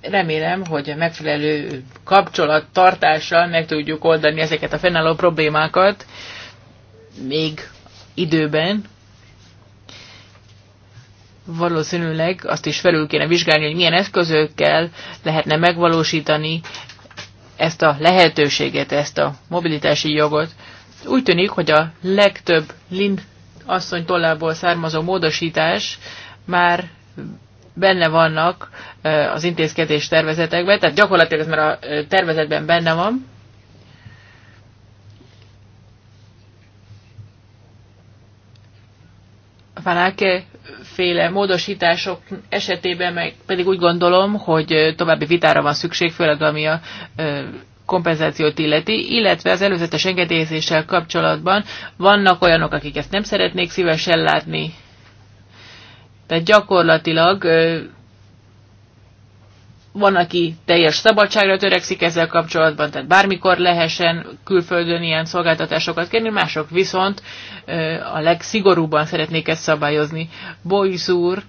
Remélem, hogy a megfelelő kapcsolattartással meg tudjuk oldani ezeket a fennálló problémákat még időben, valószínűleg azt is felül kéne vizsgálni, hogy milyen eszközökkel lehetne megvalósítani ezt a lehetőséget, ezt a mobilitási jogot. Úgy tűnik, hogy a legtöbb Lind asszony tollából származó módosítás már benne vannak az intézkedés tervezetekben, tehát gyakorlatilag ez már a tervezetben benne van. Fanáke féle módosítások esetében meg pedig úgy gondolom, hogy további vitára van szükség, főleg ami a kompenzációt illeti, illetve az előzetes engedélyezéssel kapcsolatban vannak olyanok, akik ezt nem szeretnék szívesen látni. Tehát gyakorlatilag van, aki teljes szabadságra törekszik ezzel kapcsolatban, tehát bármikor lehessen külföldön ilyen szolgáltatásokat kérni, mások viszont a legszigorúbban szeretnék ezt szabályozni. Boyz úr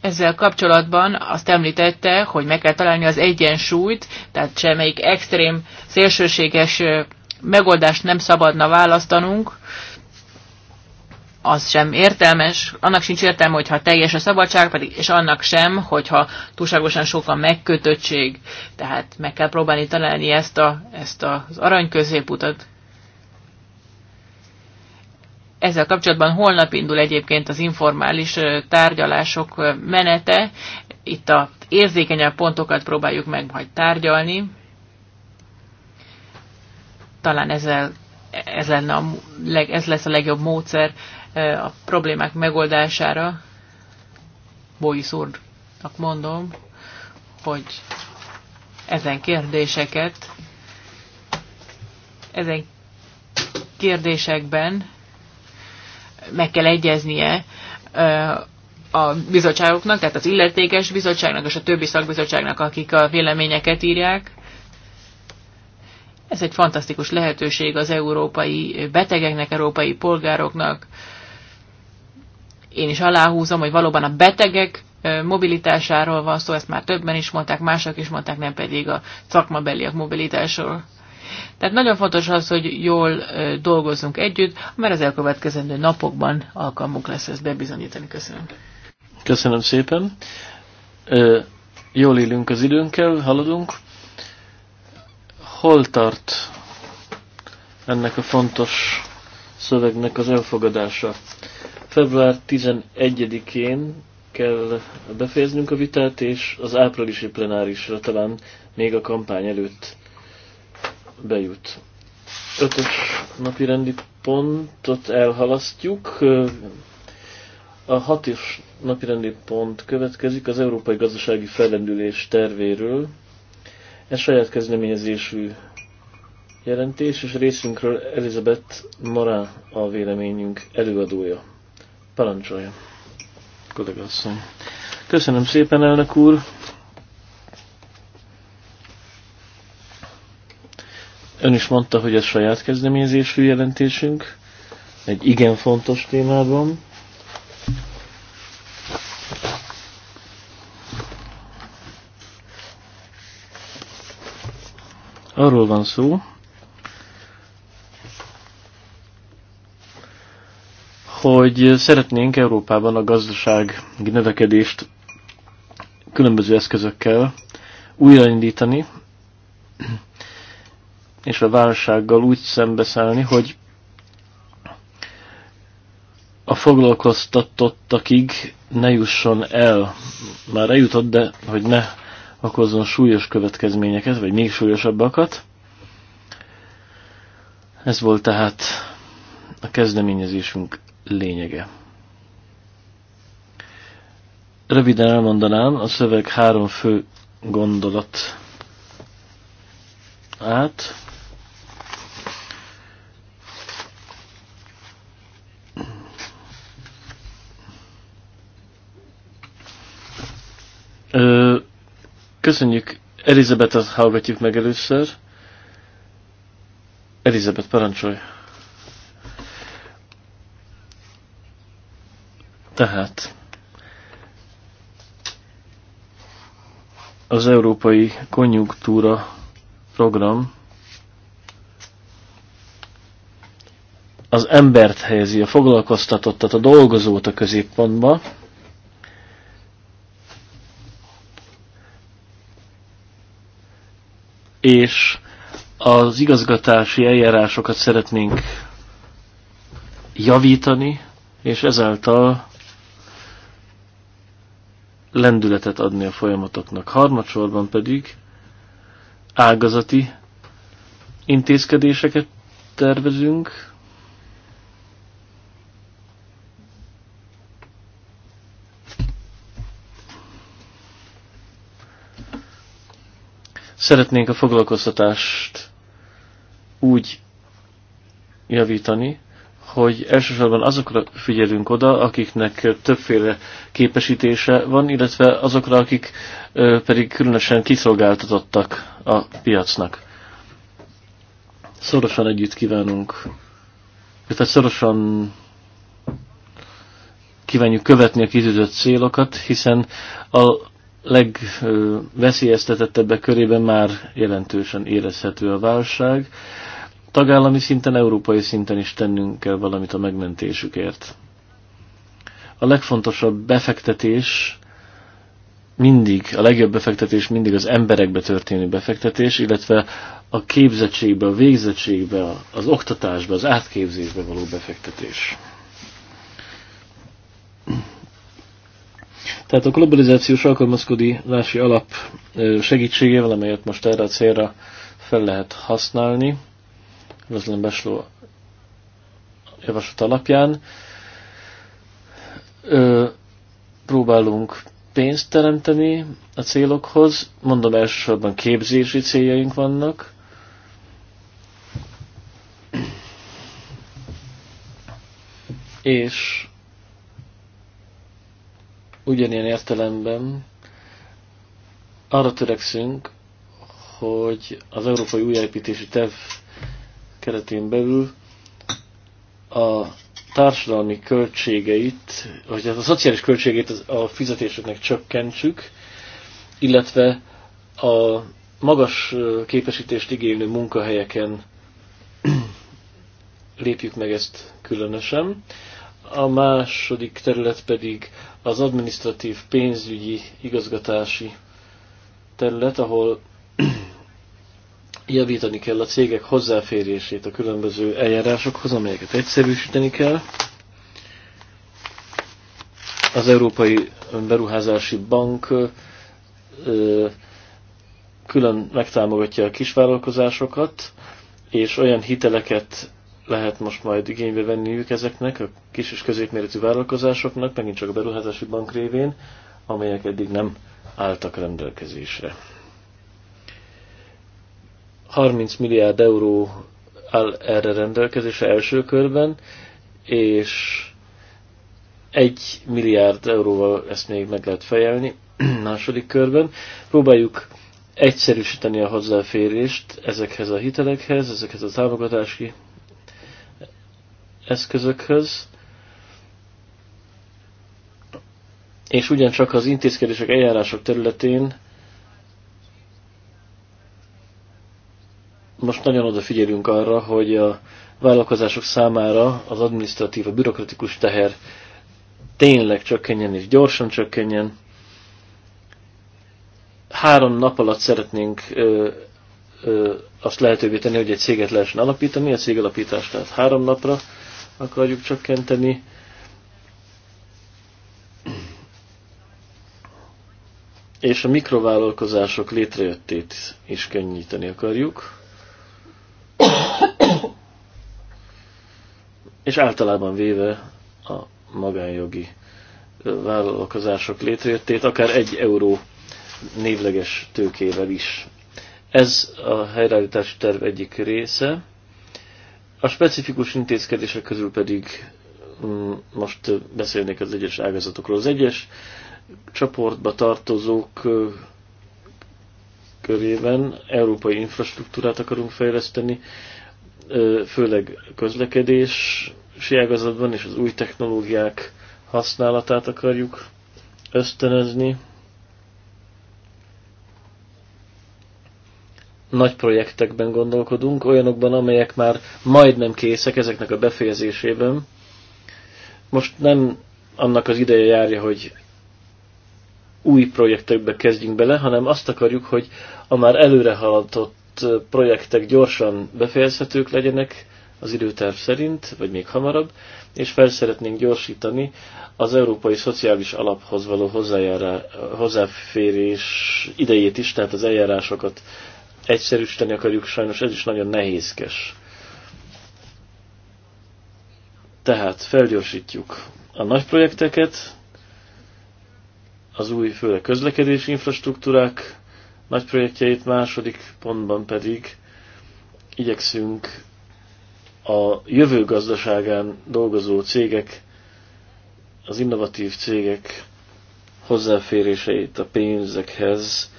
ezzel kapcsolatban azt említette, hogy meg kell találni az egyensúlyt, tehát semmelyik extrém, szélsőséges megoldást nem szabadna választanunk, az sem értelmes, annak sincs értelme, hogyha teljes a szabadság, pedig, és annak sem, hogyha túlságosan sok a megkötöttség. Tehát meg kell próbálni találni ezt, a, ezt az arany középutat. Ezzel kapcsolatban holnap indul egyébként az informális tárgyalások menete. Itt a érzékenyebb pontokat próbáljuk meg majd tárgyalni. Talán ezzel ez, lenne a, ez lesz a legjobb módszer a problémák megoldására. Bois úrnak mondom, hogy ezen kérdéseket, ezen kérdésekben meg kell egyeznie a bizottságoknak, tehát az illetékes bizottságnak és a többi szakbizottságnak, akik a véleményeket írják. Ez egy fantasztikus lehetőség az európai betegeknek, európai polgároknak, én is aláhúzom, hogy valóban a betegek mobilitásáról van szó, ezt már többen is mondták, mások is mondták, nem pedig a szakmabeliek mobilitásról. Tehát nagyon fontos az, hogy jól dolgozzunk együtt, mert az elkövetkezendő napokban alkalmunk lesz ezt bebizonyítani. Köszönöm. Köszönöm szépen. jól élünk az időnkkel, haladunk. Hol tart ennek a fontos szövegnek az elfogadása? február 11-én kell befejeznünk a vitát, és az áprilisi plenárisra talán még a kampány előtt bejut. Ötös napi rendi pontot elhalasztjuk. A hatos napi rendi pont következik az Európai Gazdasági Fellendülés tervéről. Ez saját kezdeményezésű jelentés, és részünkről Elizabeth Mara a véleményünk előadója. Parancsolja, kollégasszony. Köszönöm szépen, elnök úr. Ön is mondta, hogy ez saját kezdeményezésű jelentésünk, egy igen fontos témában. Arról van szó, hogy szeretnénk Európában a gazdaság növekedést különböző eszközökkel újraindítani, és a válsággal úgy szembeszállni, hogy a foglalkoztatottakig ne jusson el. Már eljutott, de hogy ne okozzon súlyos következményeket, vagy még súlyosabbakat. Ez volt tehát a kezdeményezésünk lényege. Röviden elmondanám a szöveg három fő gondolat át. köszönjük, Elizabetet hallgatjuk meg először. Elizabeth, parancsolj! Tehát az Európai Konjunktúra Program az embert helyezi, a foglalkoztatottat, a dolgozót a középpontba, és az igazgatási eljárásokat szeretnénk javítani, és ezáltal lendületet adni a folyamatoknak. Harmadsorban pedig ágazati intézkedéseket tervezünk, Szeretnénk a foglalkoztatást úgy javítani, hogy elsősorban azokra figyelünk oda, akiknek többféle képesítése van, illetve azokra, akik pedig különösen kiszolgáltatottak a piacnak. Szorosan együtt kívánunk, tehát szorosan kívánjuk követni a kitűzött célokat, hiszen a legveszélyeztetettebbek körében már jelentősen érezhető a válság. Tagállami szinten, európai szinten is tennünk kell valamit a megmentésükért. A legfontosabb befektetés mindig, a legjobb befektetés mindig az emberekbe történő befektetés, illetve a képzettségbe, a végzettségbe, az oktatásba, az átképzésbe való befektetés. Tehát a globalizációs alkalmazkodási alap segítségével, amelyet most erre a célra fel lehet használni, Rosalind Besló javaslat alapján ö, próbálunk pénzt teremteni a célokhoz. Mondom, elsősorban képzési céljaink vannak. És ugyanilyen értelemben arra törekszünk, hogy az európai újjáépítési Tev keretén belül a társadalmi költségeit, vagy hát a szociális költségeit a fizetéseknek csökkentsük, illetve a magas képesítést igénylő munkahelyeken [clears throat] lépjük meg ezt különösen. A második terület pedig az administratív pénzügyi igazgatási terület, ahol javítani kell a cégek hozzáférését a különböző eljárásokhoz, amelyeket egyszerűsíteni kell. Az Európai Beruházási Bank külön megtámogatja a kisvállalkozásokat, és olyan hiteleket lehet most majd igénybe ők ezeknek, a kis és középméretű vállalkozásoknak, megint csak a beruházási bank révén, amelyek eddig nem álltak rendelkezésre. 30 milliárd euró áll erre rendelkezésre első körben, és 1 milliárd euróval ezt még meg lehet fejelni [clears throat] második körben. Próbáljuk egyszerűsíteni a hozzáférést ezekhez a hitelekhez, ezekhez a támogatási eszközökhöz, és ugyancsak az intézkedések eljárások területén most nagyon odafigyelünk arra, hogy a vállalkozások számára az administratív, a bürokratikus teher tényleg csökkenjen és gyorsan csökkenjen. Három nap alatt szeretnénk ö, ö, azt lehetővé tenni, hogy egy céget lehessen alapítani, a cégalapítást tehát három napra akarjuk csökkenteni. És a mikrovállalkozások létrejöttét is könnyíteni akarjuk és általában véve a magánjogi vállalkozások létrejöttét, akár egy euró névleges tőkével is. Ez a helyreállítási terv egyik része. A specifikus intézkedések közül pedig mm, most beszélnék az egyes ágazatokról. Az egyes csoportba tartozók körében európai infrastruktúrát akarunk fejleszteni, főleg közlekedési ágazatban és az új technológiák használatát akarjuk ösztönözni. Nagy projektekben gondolkodunk, olyanokban, amelyek már majdnem készek ezeknek a befejezésében. Most nem annak az ideje járja, hogy új projektekbe kezdjünk bele, hanem azt akarjuk, hogy a már előre haladott projektek gyorsan befejezhetők legyenek az időterv szerint, vagy még hamarabb, és fel szeretnénk gyorsítani az Európai Szociális Alaphoz való hozzáférés idejét is, tehát az eljárásokat egyszerűsíteni akarjuk, sajnos ez is nagyon nehézkes. Tehát felgyorsítjuk a nagy projekteket, az új, főleg közlekedési infrastruktúrák nagy projektjeit, második pontban pedig igyekszünk a jövő gazdaságán dolgozó cégek, az innovatív cégek hozzáféréseit a pénzekhez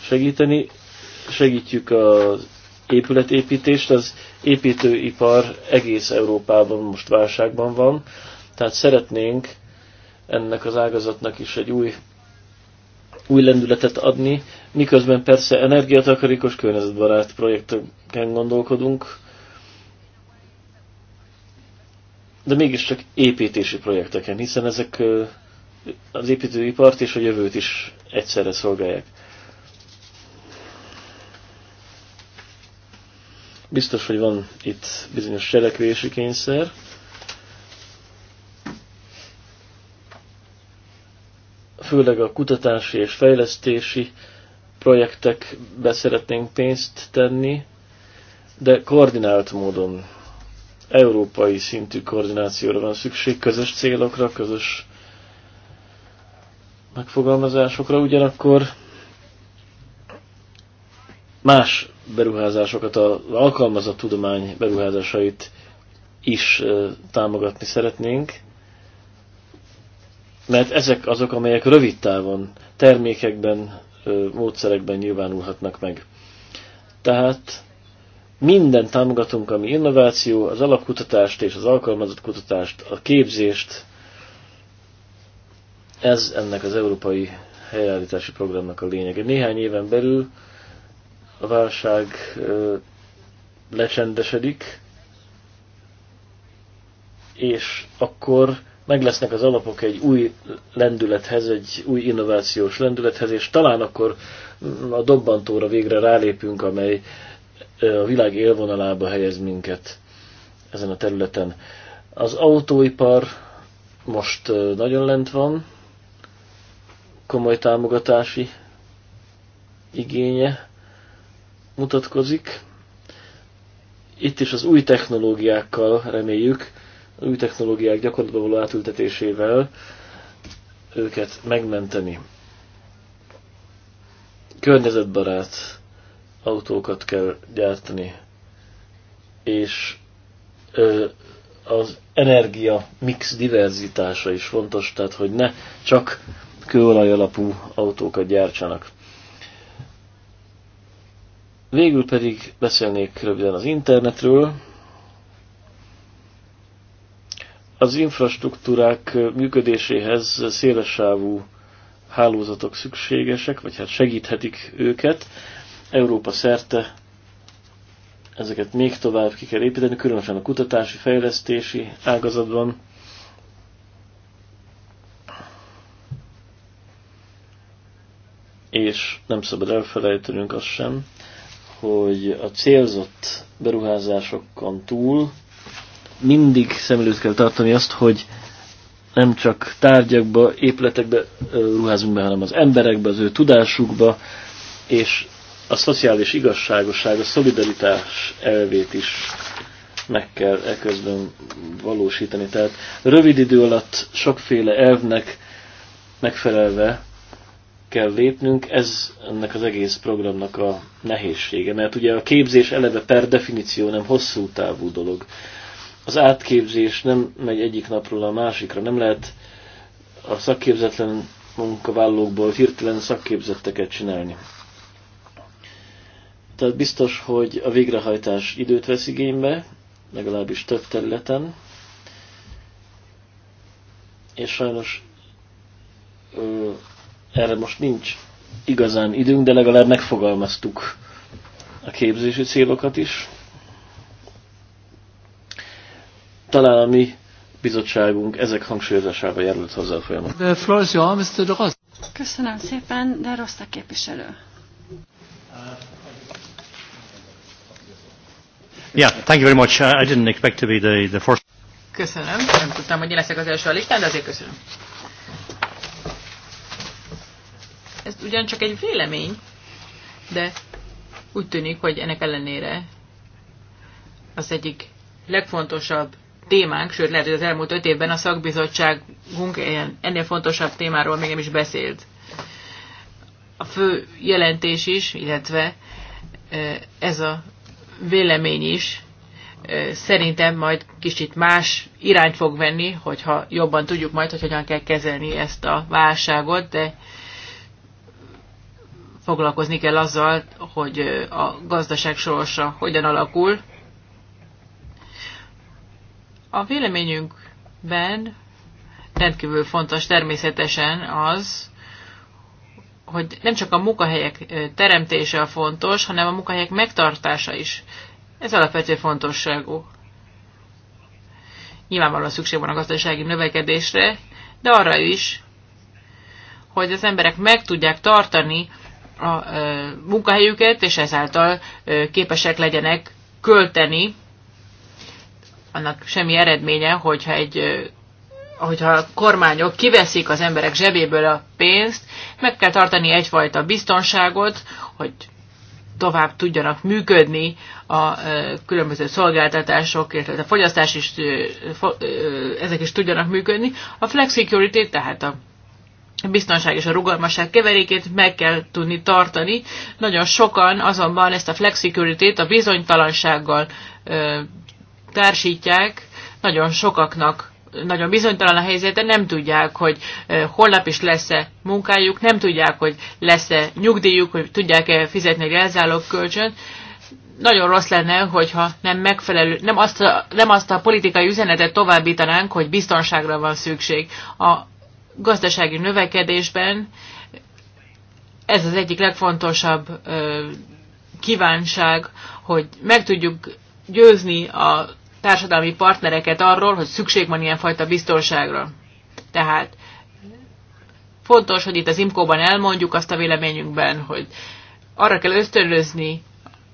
segíteni. Segítjük az épületépítést, az építőipar egész Európában most válságban van, tehát szeretnénk ennek az ágazatnak is egy új új lendületet adni, miközben persze energiatakarékos, környezetbarát projekteken gondolkodunk, de mégiscsak építési projekteken, hiszen ezek az építőipart és a jövőt is egyszerre szolgálják. Biztos, hogy van itt bizonyos cselekvési kényszer, főleg a kutatási és fejlesztési projektekbe szeretnénk pénzt tenni, de koordinált módon, európai szintű koordinációra van szükség, közös célokra, közös megfogalmazásokra, ugyanakkor más beruházásokat, az alkalmazott tudomány beruházásait is támogatni szeretnénk, mert ezek azok, amelyek rövid távon termékekben, módszerekben nyilvánulhatnak meg. Tehát minden támogatunk, ami innováció, az alapkutatást és az alkalmazott kutatást, a képzést, ez ennek az európai helyreállítási programnak a lényege. Néhány éven belül a válság lecsendesedik, és akkor meg lesznek az alapok egy új lendülethez, egy új innovációs lendülethez, és talán akkor a dobbantóra végre rálépünk, amely a világ élvonalába helyez minket ezen a területen. Az autóipar most nagyon lent van, komoly támogatási igénye mutatkozik. Itt is az új technológiákkal reméljük, új technológiák gyakorlatba való átültetésével őket megmenteni. Környezetbarát autókat kell gyártani, és ö, az energia mix diverzitása is fontos, tehát hogy ne csak kőolaj alapú autókat gyártsanak. Végül pedig beszélnék röviden az internetről, Az infrastruktúrák működéséhez szélesávú hálózatok szükségesek, vagy hát segíthetik őket. Európa szerte ezeket még tovább ki kell építeni, különösen a kutatási, fejlesztési ágazatban. És nem szabad elfelejtenünk azt sem, hogy a célzott beruházásokon túl mindig szem előtt kell tartani azt, hogy nem csak tárgyakba, épületekbe ruházunk be, hanem az emberekbe, az ő tudásukba, és a szociális igazságosság, a szolidaritás elvét is meg kell eközben valósítani. Tehát rövid idő alatt sokféle elvnek megfelelve kell lépnünk, ez ennek az egész programnak a nehézsége, mert ugye a képzés eleve per definíció nem hosszú távú dolog az átképzés nem megy egyik napról a másikra, nem lehet a szakképzetlen munkavállalókból hirtelen szakképzetteket csinálni. Tehát biztos, hogy a végrehajtás időt vesz igénybe, legalábbis több területen, és sajnos ö, erre most nincs igazán időnk, de legalább megfogalmaztuk a képzési célokat is. Talán a mi bizottságunk ezek hangsúlyozásába járult hozzá a folyamat. The floor Mr. De Ross. Köszönöm szépen, de rossz a képviselő. Yeah, thank you very much. I didn't expect to be the, the first. Köszönöm. Nem tudtam, hogy én leszek az első a listán, de azért köszönöm. Ez ugyancsak egy vélemény, de úgy tűnik, hogy ennek ellenére az egyik legfontosabb témánk, sőt lehet, hogy az elmúlt öt évben a szakbizottságunk ennél fontosabb témáról még nem is beszélt. A fő jelentés is, illetve ez a vélemény is szerintem majd kicsit más irányt fog venni, hogyha jobban tudjuk majd, hogy hogyan kell kezelni ezt a válságot, de foglalkozni kell azzal, hogy a gazdaság sorsa hogyan alakul. A véleményünkben rendkívül fontos természetesen az, hogy nem csak a munkahelyek teremtése a fontos, hanem a munkahelyek megtartása is. Ez alapvető fontosságú. Nyilvánvalóan szükség van a gazdasági növekedésre, de arra is, hogy az emberek meg tudják tartani a munkahelyüket, és ezáltal képesek legyenek költeni annak semmi eredménye, hogyha egy hogyha a kormányok kiveszik az emberek zsebéből a pénzt, meg kell tartani egyfajta biztonságot, hogy tovább tudjanak működni a különböző szolgáltatások, illetve a fogyasztás is, ezek is tudjanak működni. A flex security, tehát a biztonság és a rugalmasság keverékét meg kell tudni tartani. Nagyon sokan azonban ezt a flexicurity-t a bizonytalansággal társítják, nagyon sokaknak nagyon bizonytalan a de nem tudják, hogy holnap is lesz-e munkájuk, nem tudják, hogy lesz-e nyugdíjuk, hogy tudják-e fizetni egy elzállók kölcsön. Nagyon rossz lenne, hogyha nem megfelelő, nem azt, a, nem azt a politikai üzenetet továbbítanánk, hogy biztonságra van szükség. A gazdasági növekedésben ez az egyik legfontosabb kívánság, hogy meg tudjuk győzni a társadalmi partnereket arról, hogy szükség van ilyenfajta biztonságra. Tehát fontos, hogy itt az IMCO-ban elmondjuk azt a véleményünkben, hogy arra kell ösztönözni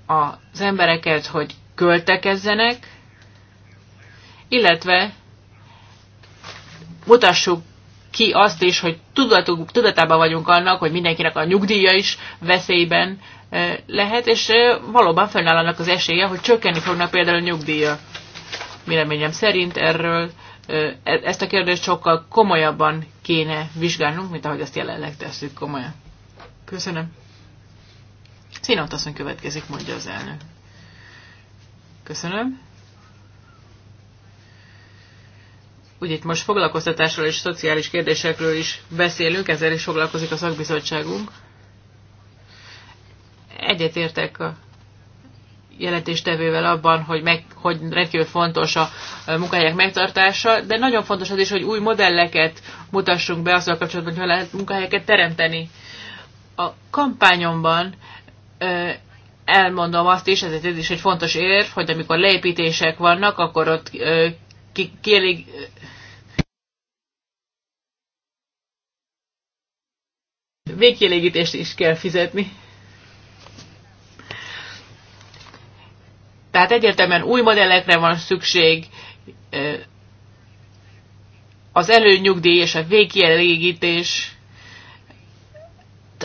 az embereket, hogy költekezzenek, illetve mutassuk ki azt is, hogy tudatuk, tudatában vagyunk annak, hogy mindenkinek a nyugdíja is veszélyben eh, lehet, és eh, valóban fönnáll annak az esélye, hogy csökkenni fognak például a nyugdíja. Véleményem szerint erről e, ezt a kérdést sokkal komolyabban kéne vizsgálnunk, mint ahogy azt jelenleg tesszük komolyan. Köszönöm. Színot asszony következik, mondja az elnök. Köszönöm. Ugye itt most foglalkoztatásról és szociális kérdésekről is beszélünk, ezzel is foglalkozik a szakbizottságunk. Egyetértek a jelentéstevővel abban, hogy, meg, hogy rendkívül fontos a munkahelyek megtartása, de nagyon fontos az is, hogy új modelleket mutassunk be azzal kapcsolatban, hogy lehet munkahelyeket teremteni. A kampányomban elmondom azt is, ez, ez is egy fontos érv, hogy amikor leépítések vannak, akkor ott ki, kielég, végkielégítést is kell fizetni. Tehát egyértelműen új modellekre van szükség, az előnyugdíj és a végkielégítés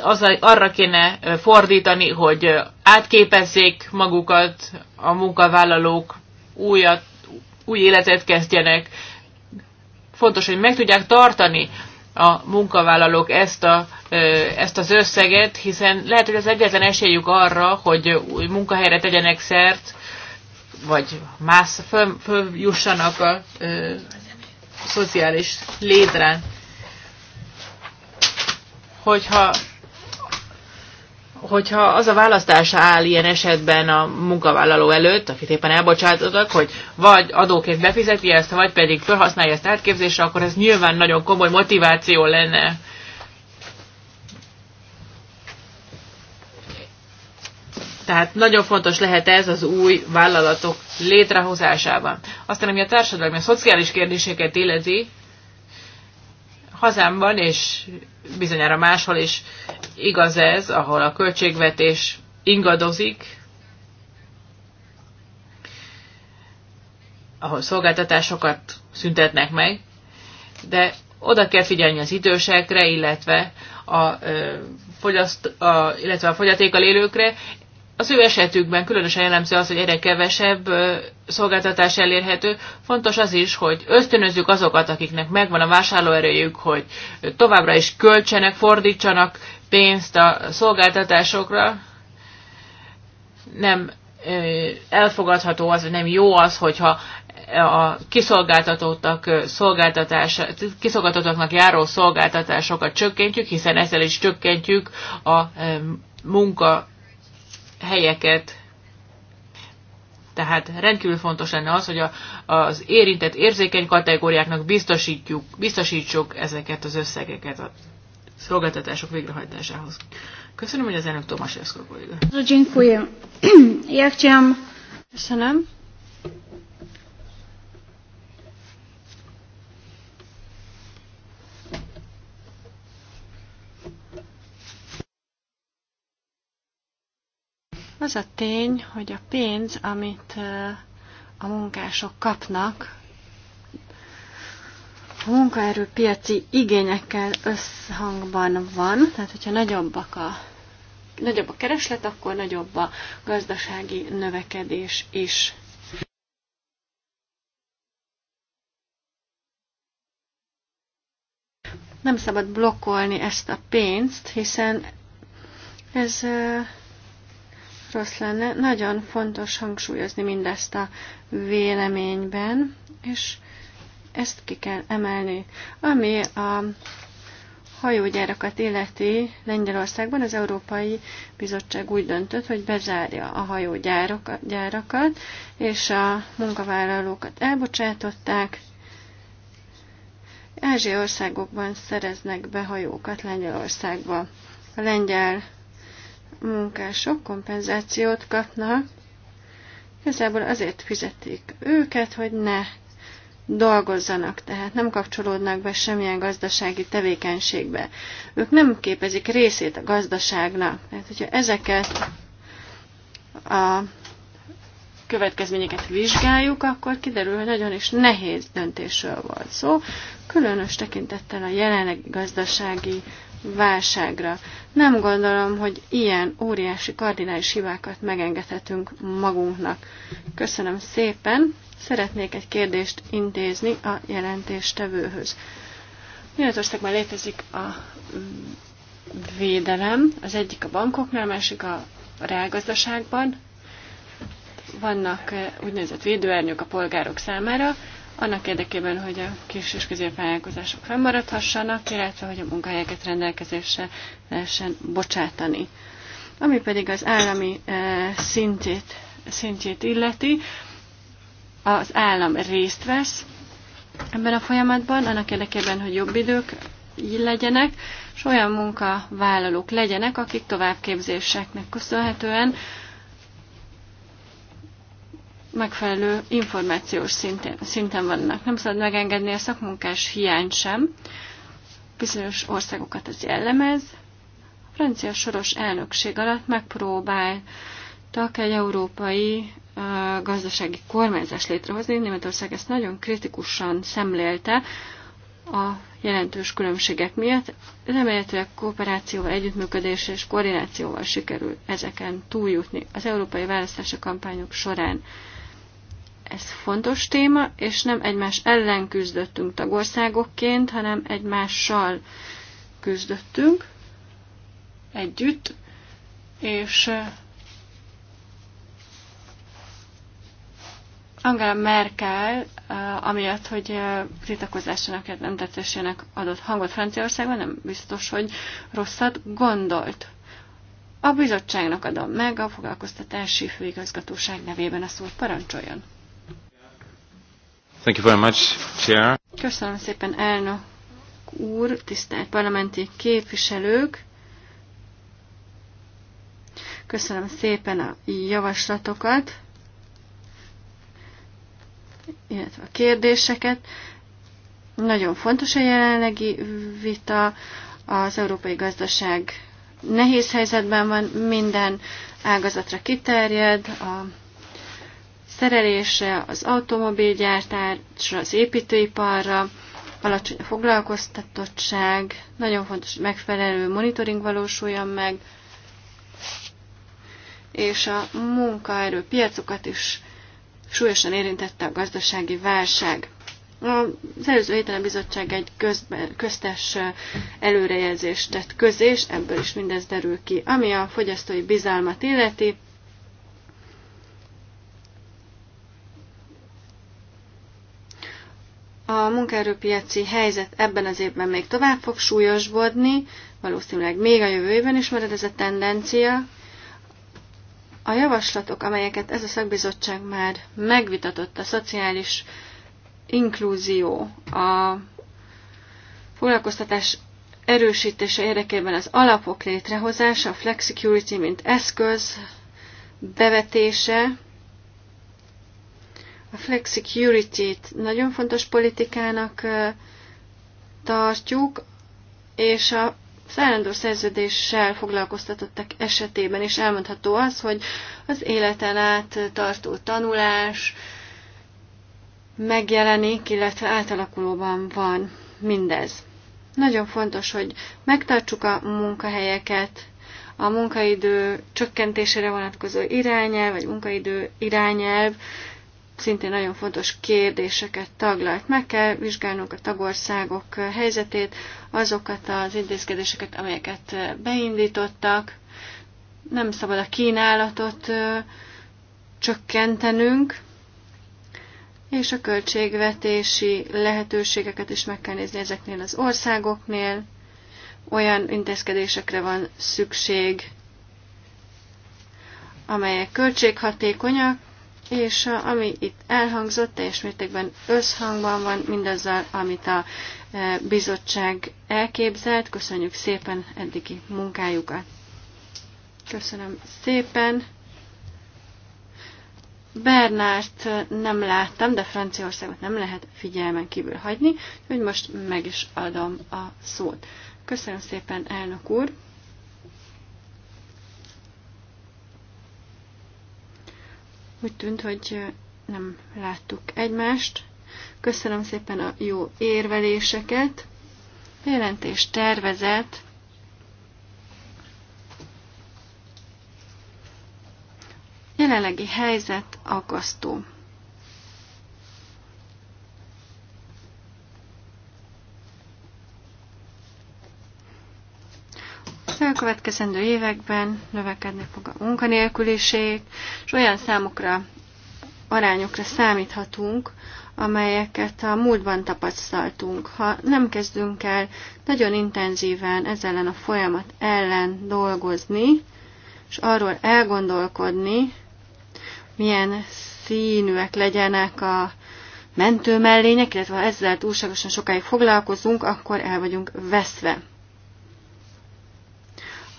az, arra kéne fordítani, hogy átképezzék magukat a munkavállalók, újat, új életet kezdjenek. Fontos, hogy meg tudják tartani a munkavállalók ezt, a, ezt az összeget, hiszen lehet, hogy az egyetlen esélyük arra, hogy új munkahelyre tegyenek szert, vagy más, föl, följussanak a ö, szociális létre, Hogyha, hogyha az a választás áll ilyen esetben a munkavállaló előtt, akit éppen elbocsátottak, hogy vagy adóként befizeti ezt, vagy pedig felhasználja ezt átképzésre, akkor ez nyilván nagyon komoly motiváció lenne Tehát nagyon fontos lehet ez az új vállalatok létrehozásában. Aztán, ami a társadalmi, a szociális kérdéseket illeti, hazámban és bizonyára máshol is igaz ez, ahol a költségvetés ingadozik, ahol szolgáltatásokat szüntetnek meg, de oda kell figyelni az idősekre, illetve a, fogyaszt, a, illetve a fogyatékkal élőkre az ő esetükben különösen jellemző az, hogy egyre kevesebb szolgáltatás elérhető. Fontos az is, hogy ösztönözzük azokat, akiknek megvan a vásárlóerőjük, hogy továbbra is költsenek, fordítsanak pénzt a szolgáltatásokra. Nem elfogadható az, vagy nem jó az, hogyha a kiszolgáltatottak szolgáltatás, kiszolgáltatottaknak járó szolgáltatásokat csökkentjük, hiszen ezzel is csökkentjük a munka helyeket. Tehát rendkívül fontos lenne az, hogy a, az érintett érzékeny kategóriáknak biztosítjuk, biztosítsuk ezeket az összegeket a szolgáltatások végrehajtásához. Köszönöm, hogy az elnök Tomás Jaszkor kolléga. [clears throat] Köszönöm. Az a tény, hogy a pénz, amit a munkások kapnak, a munkaerőpiaci igényekkel összhangban van, tehát hogyha nagyobbak a, nagyobb a kereslet, akkor nagyobb a gazdasági növekedés is. Nem szabad blokkolni ezt a pénzt, hiszen ez rossz lenne. Nagyon fontos hangsúlyozni mindezt a véleményben, és ezt ki kell emelni. Ami a hajógyárakat illeti Lengyelországban az Európai Bizottság úgy döntött, hogy bezárja a hajógyárakat, és a munkavállalókat elbocsátották. Ázsia országokban szereznek be hajókat Lengyelországba. A lengyel munkások kompenzációt kapnak, igazából azért fizetik őket, hogy ne dolgozzanak, tehát nem kapcsolódnak be semmilyen gazdasági tevékenységbe. Ők nem képezik részét a gazdaságnak. Tehát, hogyha ezeket a következményeket vizsgáljuk, akkor kiderül, hogy nagyon is nehéz döntésről volt szó, különös tekintettel a jelenlegi gazdasági válságra. Nem gondolom, hogy ilyen óriási kardinális hibákat megengedhetünk magunknak. Köszönöm szépen. Szeretnék egy kérdést intézni a jelentéstevőhöz. Németországban létezik a védelem, az egyik a bankoknál, a másik a reálgazdaságban. Vannak eh, úgynevezett védőernyők a polgárok számára, annak érdekében, hogy a kis és középvállalkozások fennmaradhassanak, illetve hogy a munkahelyeket rendelkezésre lehessen bocsátani. Ami pedig az állami eh, szintjét, szintjét illeti, az állam részt vesz ebben a folyamatban, annak érdekében, hogy jobb idők legyenek, és olyan munkavállalók legyenek, akik továbbképzéseknek köszönhetően megfelelő információs szinten, szinten vannak. Nem szabad megengedni a szakmunkás hiány sem. Bizonyos országokat ez jellemez. A francia soros elnökség alatt megpróbáltak egy európai gazdasági kormányzást létrehozni. Németország ezt nagyon kritikusan szemlélte a jelentős különbségek miatt. Remélhetőleg kooperációval, együttműködéssel és koordinációval sikerül ezeken túljutni az európai választási kampányok során ez fontos téma, és nem egymás ellen küzdöttünk tagországokként, hanem egymással küzdöttünk együtt, és Angela Merkel, amiatt, hogy tiltakozásának, nem tetszésének adott hangot Franciaországban, nem biztos, hogy rosszat gondolt. A bizottságnak adom meg a foglalkoztatási főigazgatóság nevében a szót parancsoljon. Thank you very much, Chair. Köszönöm szépen, elnök úr, tisztelt parlamenti képviselők. Köszönöm szépen a javaslatokat, illetve a kérdéseket. Nagyon fontos a jelenlegi vita. Az európai gazdaság nehéz helyzetben van, minden ágazatra kiterjed, a szerelésre, az automobilgyártásra, az építőiparra, alacsony a foglalkoztatottság, nagyon fontos, megfelelő monitoring valósuljon meg, és a munkaerőpiacokat is súlyosan érintette a gazdasági válság. Az előző héten a bizottság egy közben, köztes előrejelzést tett közé, és ebből is mindez derül ki. Ami a fogyasztói bizalmat illeti, A munkaerőpiaci helyzet ebben az évben még tovább fog súlyosbodni, valószínűleg még a jövő évben is marad ez a tendencia. A javaslatok, amelyeket ez a szakbizottság már megvitatott, a szociális inklúzió, a foglalkoztatás erősítése érdekében az alapok létrehozása, a flexicurity, mint eszköz bevetése, a flexicurity-t nagyon fontos politikának tartjuk, és a szállandó szerződéssel foglalkoztatottak esetében is elmondható az, hogy az életen át tartó tanulás megjelenik, illetve átalakulóban van mindez. Nagyon fontos, hogy megtartsuk a munkahelyeket, a munkaidő csökkentésére vonatkozó irányelv, vagy munkaidő irányelv szintén nagyon fontos kérdéseket taglalt. Meg kell vizsgálnunk a tagországok helyzetét, azokat az intézkedéseket, amelyeket beindítottak. Nem szabad a kínálatot csökkentenünk, és a költségvetési lehetőségeket is meg kell nézni ezeknél az országoknél. Olyan intézkedésekre van szükség, amelyek költséghatékonyak, és ami itt elhangzott, teljes mértékben összhangban van mindazzal, amit a bizottság elképzelt. Köszönjük szépen eddigi munkájukat. Köszönöm szépen. Bernárt nem láttam, de Franciaországot nem lehet figyelmen kívül hagyni, hogy most meg is adom a szót. Köszönöm szépen, elnök úr! Úgy tűnt, hogy nem láttuk egymást. Köszönöm szépen a jó érveléseket. Jelentés tervezet. Jelenlegi helyzet aggasztó. elkövetkezendő években növekedni fog a munkanélküliség, és olyan számokra, arányokra számíthatunk, amelyeket a múltban tapasztaltunk. Ha nem kezdünk el nagyon intenzíven ezzel ellen a folyamat ellen dolgozni, és arról elgondolkodni, milyen színűek legyenek a mentő mellények, illetve ha ezzel túlságosan sokáig foglalkozunk, akkor el vagyunk veszve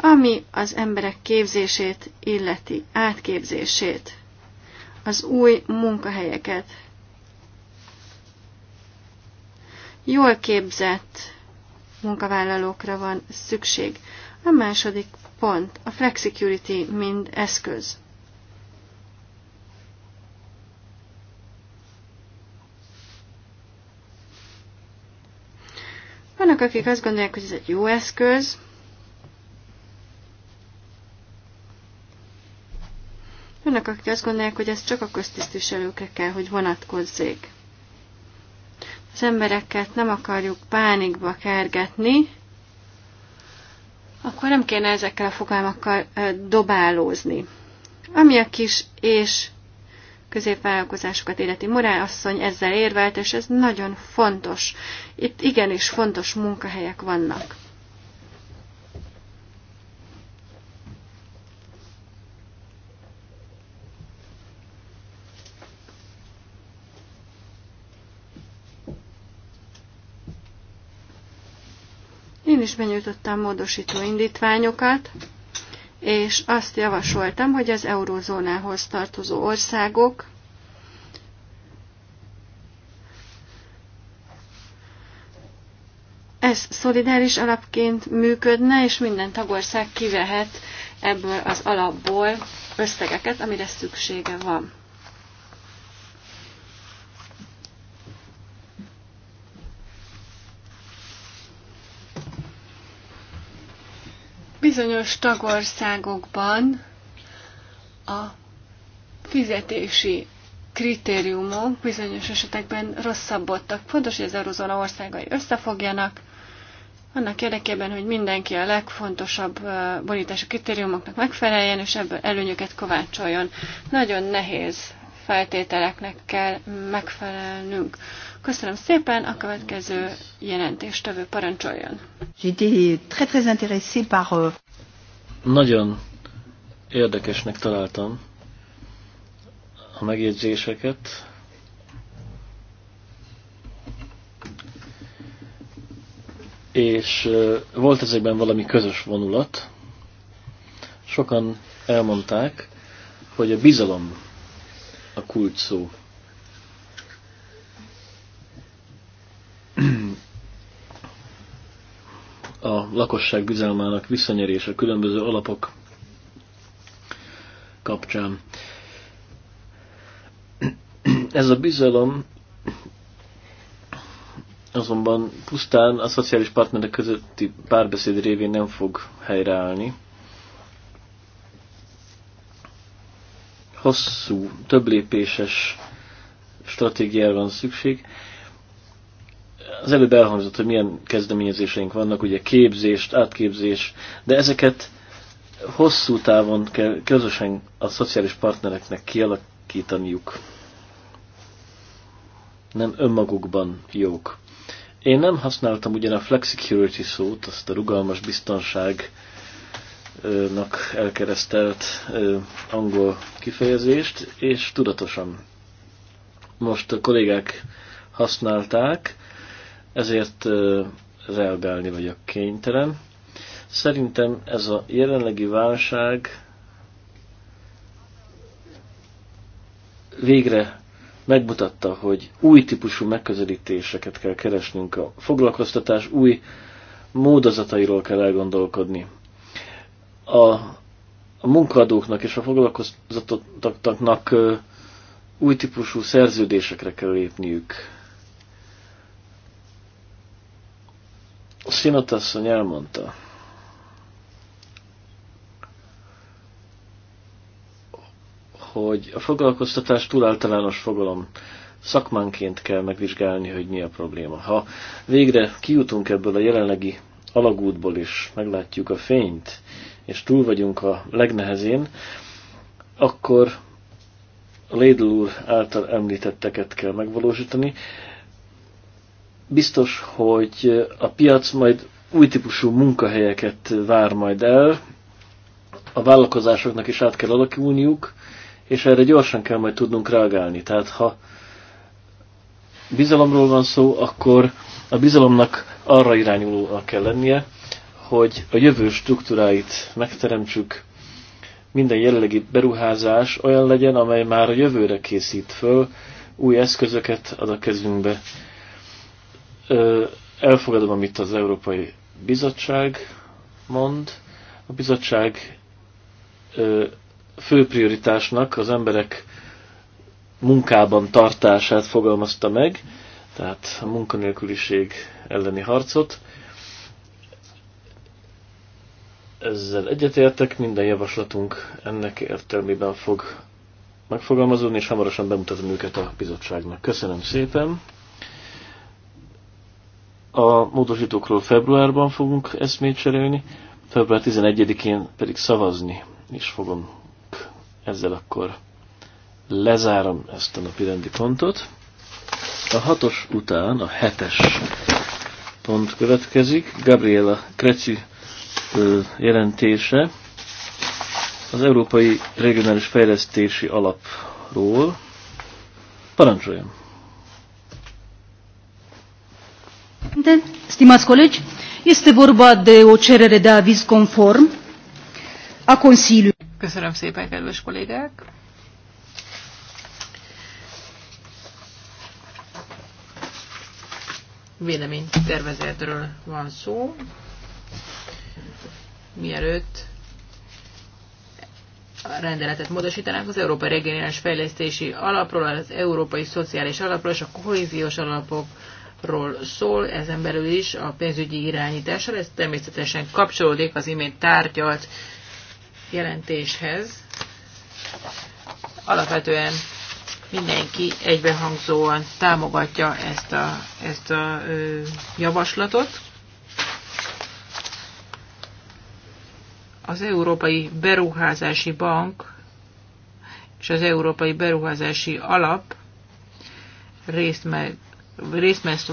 ami az emberek képzését illeti, átképzését, az új munkahelyeket. Jól képzett munkavállalókra van szükség. A második pont, a flexicurity mind eszköz. Vannak, akik azt gondolják, hogy ez egy jó eszköz, Vannak, akik azt gondolják, hogy ez csak a köztisztviselőkre kell, hogy vonatkozzék. Az embereket nem akarjuk pánikba kergetni, akkor nem kéne ezekkel a fogalmakkal dobálózni. Ami a kis és középvállalkozásokat életi Morál asszony ezzel érvelt, és ez nagyon fontos. Itt igenis fontos munkahelyek vannak. is benyújtottam módosító indítványokat, és azt javasoltam, hogy az eurózónához tartozó országok ez szolidáris alapként működne, és minden tagország kivehet ebből az alapból összegeket, amire szüksége van. Bizonyos tagországokban a fizetési kritériumok bizonyos esetekben rosszabbodtak. Fontos, hogy az eurozóna országai összefogjanak, annak érdekében, hogy mindenki a legfontosabb borítási kritériumoknak megfeleljen, és ebből előnyöket kovácsoljon. Nagyon nehéz feltételeknek kell megfelelnünk. Köszönöm szépen, a következő jelentéstevő parancsoljon. Euh, Nagyon érdekesnek találtam a megjegyzéseket. És volt ezekben valami közös vonulat. Sokan elmondták, hogy a bizalom a kult szó. A lakosság bizalmának visszanyerése különböző alapok kapcsán. Ez a bizalom azonban pusztán a szociális partnerek közötti párbeszéd révén nem fog helyreállni. hosszú, több lépéses stratégiára van szükség. Az előbb elhangzott, hogy milyen kezdeményezéseink vannak, ugye képzést, átképzés, de ezeket hosszú távon kell közösen a szociális partnereknek kialakítaniuk. Nem önmagukban jók. Én nem használtam ugyan a flexicurity szót, azt a rugalmas biztonság nak elkeresztelt angol kifejezést, és tudatosan most a kollégák használták, ezért reagálni vagyok kénytelen. Szerintem ez a jelenlegi válság végre megmutatta, hogy új típusú megközelítéseket kell keresnünk, a foglalkoztatás új módozatairól kell elgondolkodni a, a munkadóknak és a foglalkoztatottaknak új típusú szerződésekre kell lépniük. A Sinatasszony elmondta, hogy a foglalkoztatás túl általános fogalom. Szakmánként kell megvizsgálni, hogy mi a probléma. Ha végre kijutunk ebből a jelenlegi alagútból is meglátjuk a fényt, és túl vagyunk a legnehezén, akkor a Lédl úr által említetteket kell megvalósítani. Biztos, hogy a piac majd új típusú munkahelyeket vár majd el, a vállalkozásoknak is át kell alakulniuk, és erre gyorsan kell majd tudnunk reagálni. Tehát ha bizalomról van szó, akkor a bizalomnak arra irányulónak kell lennie, hogy a jövő struktúráit megteremtsük, minden jelenlegi beruházás olyan legyen, amely már a jövőre készít föl, új eszközöket ad a kezünkbe. Elfogadom, amit az Európai Bizottság mond. A bizottság fő prioritásnak az emberek munkában tartását fogalmazta meg, tehát a munkanélküliség elleni harcot. Ezzel egyetértek, minden javaslatunk ennek értelmében fog megfogalmazódni, és hamarosan bemutatom őket a bizottságnak. Köszönöm szépen! A módosítókról februárban fogunk eszmét cserélni, február 11-én pedig szavazni is fogom ezzel akkor lezárom ezt a napi rendi pontot. A hatos után a hetes pont következik. Gabriela Kreci jelentése az Európai Regionális Fejlesztési Alapról. Parancsoljon! Stimați colegi, este vorba de o cerere de aviz conform a Consiliului. Köszönöm szépen, kedves kollégák! véleménytervezetről van szó. Mielőtt a rendeletet módosítanánk az Európai Regionális Fejlesztési Alapról, az Európai Szociális Alapról és a Kohéziós Alapokról szól, ezen belül is a pénzügyi irányításra, ez természetesen kapcsolódik az imént tárgyalt jelentéshez. Alapvetően mindenki egybehangzóan támogatja ezt a, ezt a ö, javaslatot. Az Európai Beruházási Bank és az Európai Beruházási Alap részt, meg, részt, vesz,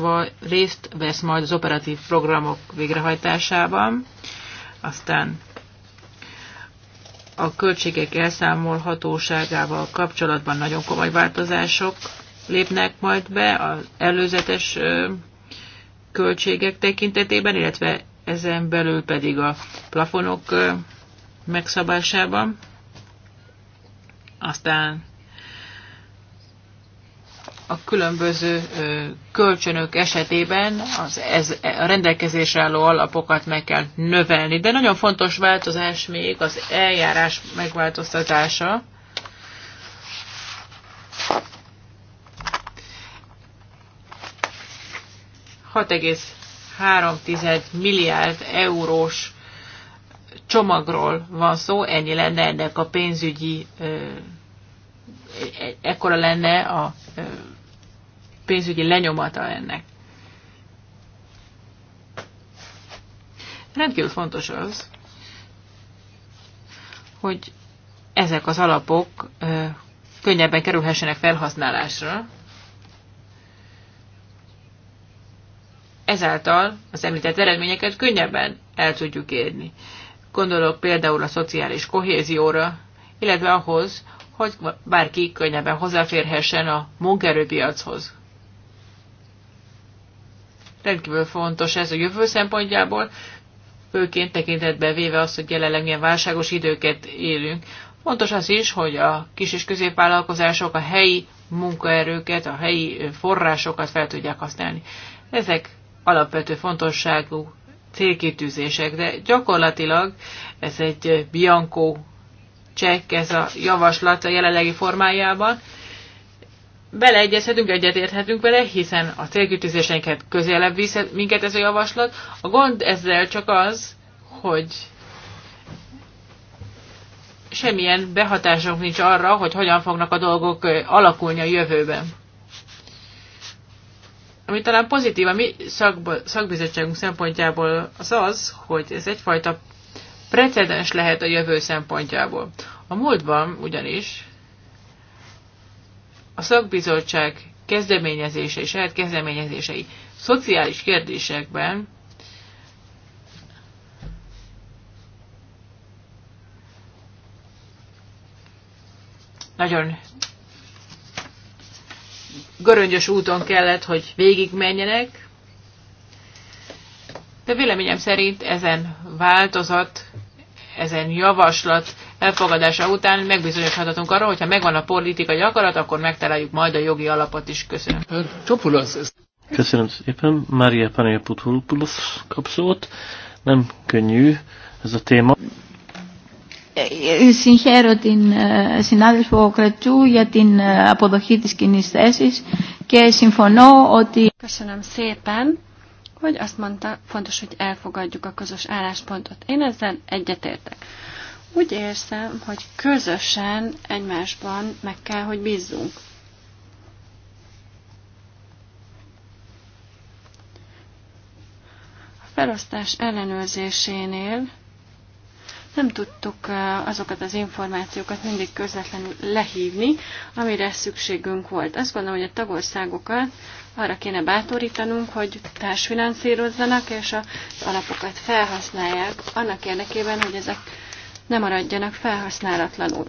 részt vesz majd az operatív programok végrehajtásában, aztán a költségek elszámolhatóságával kapcsolatban nagyon komoly változások lépnek majd be az előzetes költségek tekintetében, illetve ezen belül pedig a plafonok megszabásában. Aztán a különböző kölcsönök esetében az ez, a rendelkezésre álló alapokat meg kell növelni. De nagyon fontos változás még az eljárás megváltoztatása. Hat 3,3 milliárd eurós csomagról van szó, ennyi lenne ennek a pénzügyi, e, e, ekkora lenne a pénzügyi lenyomata ennek. Rendkívül fontos az, hogy ezek az alapok könnyebben kerülhessenek felhasználásra, ezáltal az említett eredményeket könnyebben el tudjuk érni. Gondolok például a szociális kohézióra, illetve ahhoz, hogy bárki könnyebben hozzáférhessen a munkerőpiachoz. Rendkívül fontos ez a jövő szempontjából, főként tekintetbe véve azt, hogy jelenleg milyen válságos időket élünk. Fontos az is, hogy a kis és középvállalkozások a helyi munkaerőket, a helyi forrásokat fel tudják használni. Ezek alapvető fontosságú célkitűzések, de gyakorlatilag ez egy bianco csekk, ez a javaslat a jelenlegi formájában beleegyezhetünk, egyetérthetünk vele, hiszen a célkütőzéseinket közelebb visz minket ez a javaslat. A gond ezzel csak az, hogy semmilyen behatásunk nincs arra, hogy hogyan fognak a dolgok alakulni a jövőben. Ami talán pozitív a mi szakba, szakbizottságunk szempontjából az az, hogy ez egyfajta precedens lehet a jövő szempontjából. A múltban ugyanis a szakbizottság kezdeményezése és saját kezdeményezései szociális kérdésekben nagyon göröngyös úton kellett, hogy végigmenjenek, de véleményem szerint ezen változat, ezen javaslat elfogadása után megbizonyosodhatunk arról, hogyha megvan a politikai akarat, akkor megtaláljuk majd a jogi alapot is. Köszönöm. Köszönöm szépen. Mária Panayaputulpulos kap szót. Nem könnyű ez a téma. Συγχαίρω την συνάδελφο Κρατσού για την αποδοχή της κοινή θέση και συμφωνώ ότι... Köszönöm szépen, hogy azt mondta, fontos, hogy elfogadjuk a közös álláspontot. Én ezzel egyetértek. Úgy érzem, hogy közösen egymásban meg kell, hogy bízzunk. A felosztás ellenőrzésénél nem tudtuk azokat az információkat mindig közvetlenül lehívni, amire szükségünk volt. Azt gondolom, hogy a tagországokat arra kéne bátorítanunk, hogy társfinanszírozzanak, és az alapokat felhasználják annak érdekében, hogy ezek ne maradjanak felhasználatlanul.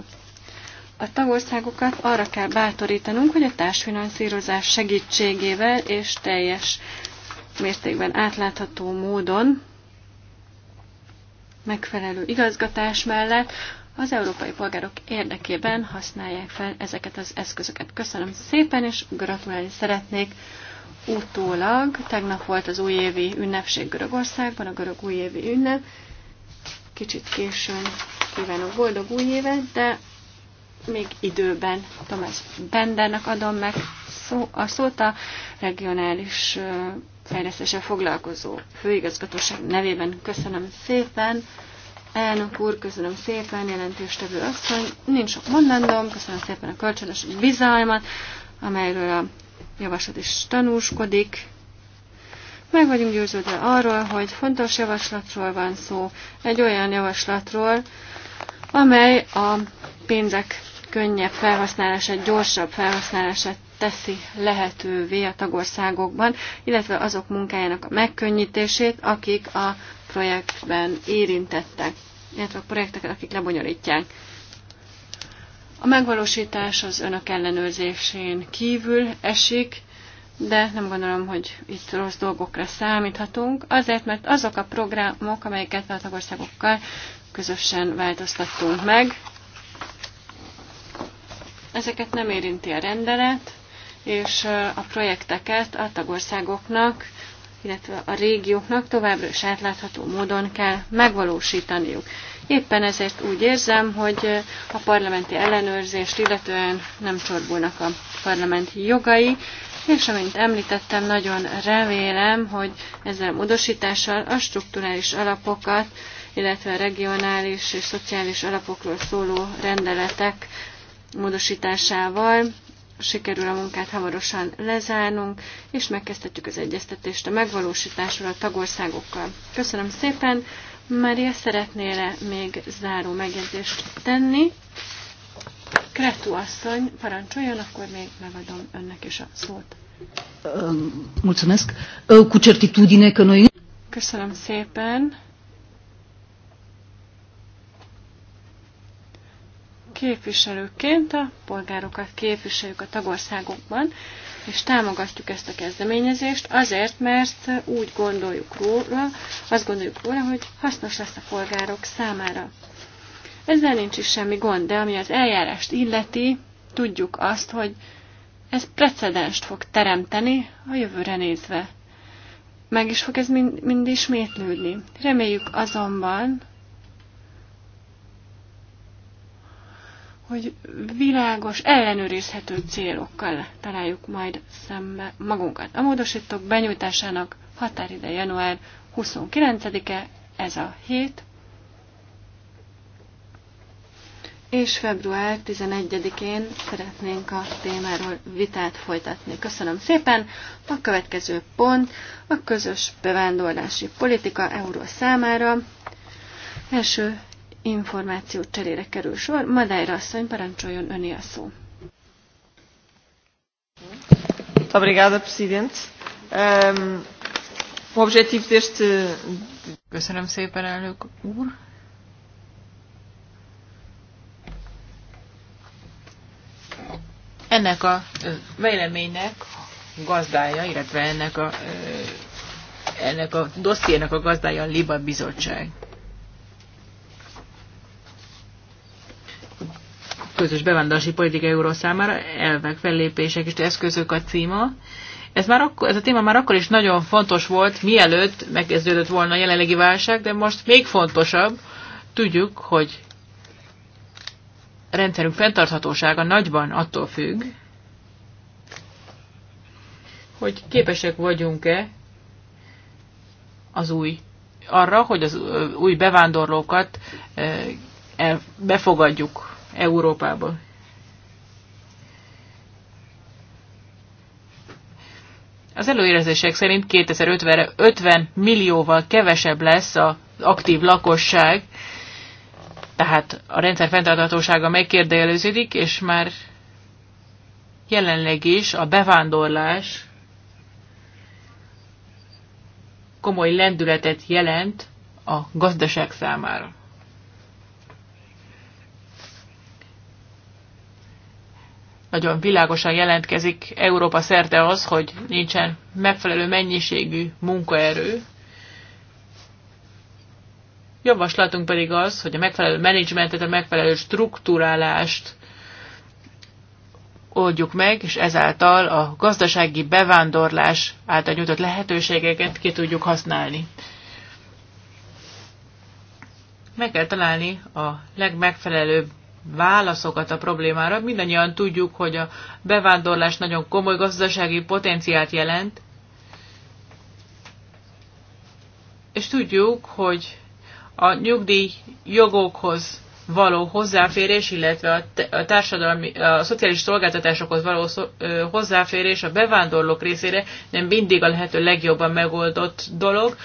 A tagországokat arra kell bátorítanunk, hogy a társfinanszírozás segítségével és teljes mértékben átlátható módon megfelelő igazgatás mellett az európai polgárok érdekében használják fel ezeket az eszközöket. Köszönöm szépen, és gratulálni szeretnék utólag. Tegnap volt az újévi ünnepség Görögországban, a görög újévi ünnep, Kicsit későn kívánok boldog új évet, de még időben Tomás Bendernek adom meg szó, a szót a regionális fejlesztéssel foglalkozó főigazgatóság nevében. Köszönöm szépen, elnök úr, köszönöm szépen, jelentéstevő asszony, nincs sok mondandom, köszönöm szépen a kölcsönös bizalmat, amelyről a javaslat is tanúskodik. Meg vagyunk győződve arról, hogy fontos javaslatról van szó, egy olyan javaslatról, amely a pénzek könnyebb felhasználását, gyorsabb felhasználását teszi lehetővé a tagországokban, illetve azok munkájának a megkönnyítését, akik a projektben érintettek, illetve a projekteket, akik lebonyolítják. A megvalósítás az önök ellenőrzésén kívül esik, de nem gondolom, hogy itt rossz dolgokra számíthatunk, azért, mert azok a programok, amelyeket a tagországokkal közösen változtattunk meg, ezeket nem érinti a rendelet, és a projekteket a tagországoknak, illetve a régióknak továbbra is átlátható módon kell megvalósítaniuk. Éppen ezért úgy érzem, hogy a parlamenti ellenőrzést illetően nem csorbulnak a parlament jogai, és amint említettem, nagyon remélem, hogy ezzel a módosítással a strukturális alapokat, illetve a regionális és szociális alapokról szóló rendeletek módosításával sikerül a munkát hamarosan lezárnunk, és megkezdhetjük az egyeztetést a megvalósításról a tagországokkal. Köszönöm szépen! Maria, szeretnél -e még záró megjegyzést tenni? Kretu asszony, parancsoljon, akkor még megadom önnek is a szót. Mulțumesc. Köszönöm szépen. Képviselőként a polgárokat képviseljük a tagországokban, és támogatjuk ezt a kezdeményezést azért, mert úgy gondoljuk róla, azt gondoljuk róla, hogy hasznos lesz a polgárok számára. Ezzel nincs is semmi gond, de ami az eljárást illeti, tudjuk azt, hogy ez precedenst fog teremteni a jövőre nézve. Meg is fog ez mind, mind ismétlődni. Reméljük azonban, hogy világos, ellenőrizhető célokkal találjuk majd szembe magunkat. A módosítók benyújtásának határideje január 29-e, ez a hét. és február 11-én szeretnénk a témáról vitát folytatni. Köszönöm szépen! A következő pont a közös bevándorlási politika euró számára. Első információ cserére kerül sor. Madályra asszony, parancsoljon öné a szó. Obrigada, Presidente. Um, o objetivo deste... Köszönöm szépen, elnök úr. Ennek a véleménynek gazdája, illetve ennek a, ennek a dossziének a gazdája a Liba Bizottság. Közös bevándorlási politika euró számára elvek, fellépések és eszközök a címa. Ez, már akkor, ez a téma már akkor is nagyon fontos volt, mielőtt megkezdődött volna a jelenlegi válság, de most még fontosabb, tudjuk, hogy rendszerünk fenntarthatósága nagyban attól függ, hogy képesek vagyunk-e az új arra, hogy az új bevándorlókat befogadjuk Európába. Az előérzések szerint 2050-re 50 millióval kevesebb lesz az aktív lakosság, tehát a rendszer fenntarthatósága megkérdőjeleződik, és már jelenleg is a bevándorlás komoly lendületet jelent a gazdaság számára. Nagyon világosan jelentkezik Európa szerte az, hogy nincsen megfelelő mennyiségű munkaerő, Javaslatunk pedig az, hogy a megfelelő menedzsmentet, a megfelelő struktúrálást oldjuk meg, és ezáltal a gazdasági bevándorlás által nyújtott lehetőségeket ki tudjuk használni. Meg kell találni a legmegfelelőbb válaszokat a problémára. Mindannyian tudjuk, hogy a bevándorlás nagyon komoly gazdasági potenciált jelent, és tudjuk, hogy a nyugdíj jogokhoz való hozzáférés, illetve a társadalmi, a szociális szolgáltatásokhoz való hozzáférés a bevándorlók részére nem mindig a lehető legjobban megoldott dolog.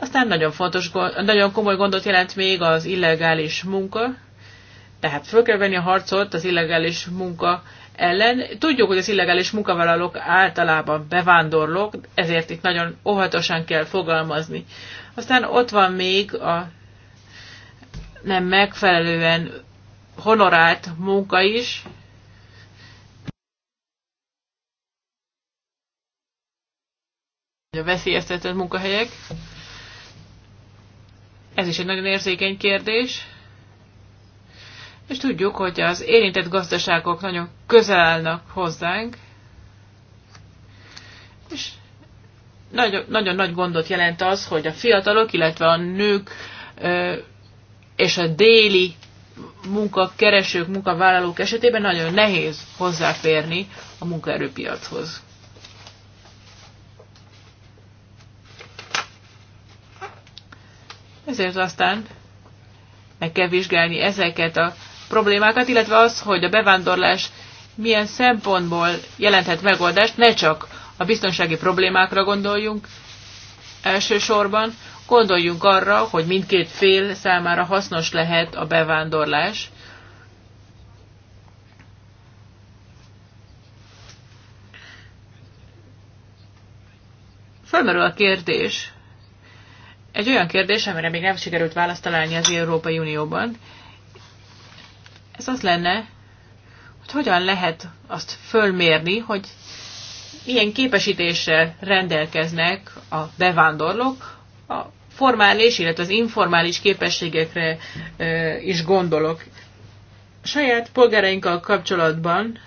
Aztán nagyon fontos, nagyon komoly gondot jelent még az illegális munka, tehát föl kell venni a harcot az illegális munka ellen. Tudjuk, hogy az illegális munkavállalók általában bevándorlók, ezért itt nagyon óvatosan kell fogalmazni. Aztán ott van még a nem megfelelően honorált munka is. A veszélyeztetett munkahelyek. Ez is egy nagyon érzékeny kérdés. És tudjuk, hogy az érintett gazdaságok nagyon közel állnak hozzánk, és nagyon, nagyon nagy gondot jelent az, hogy a fiatalok, illetve a nők és a déli munkakeresők, munkavállalók esetében nagyon nehéz hozzáférni a munkaerőpiachoz. Ezért aztán meg kell vizsgálni ezeket a problémákat, illetve az, hogy a bevándorlás milyen szempontból jelenthet megoldást, ne csak a biztonsági problémákra gondoljunk elsősorban, Gondoljunk arra, hogy mindkét fél számára hasznos lehet a bevándorlás. Fölmerül a kérdés, egy olyan kérdés, amire még nem sikerült választ találni az Európai Unióban, ez az lenne, hogy hogyan lehet azt fölmérni, hogy milyen képesítéssel rendelkeznek a bevándorlók formális, illetve az informális képességekre is gondolok. Saját polgárainkkal kapcsolatban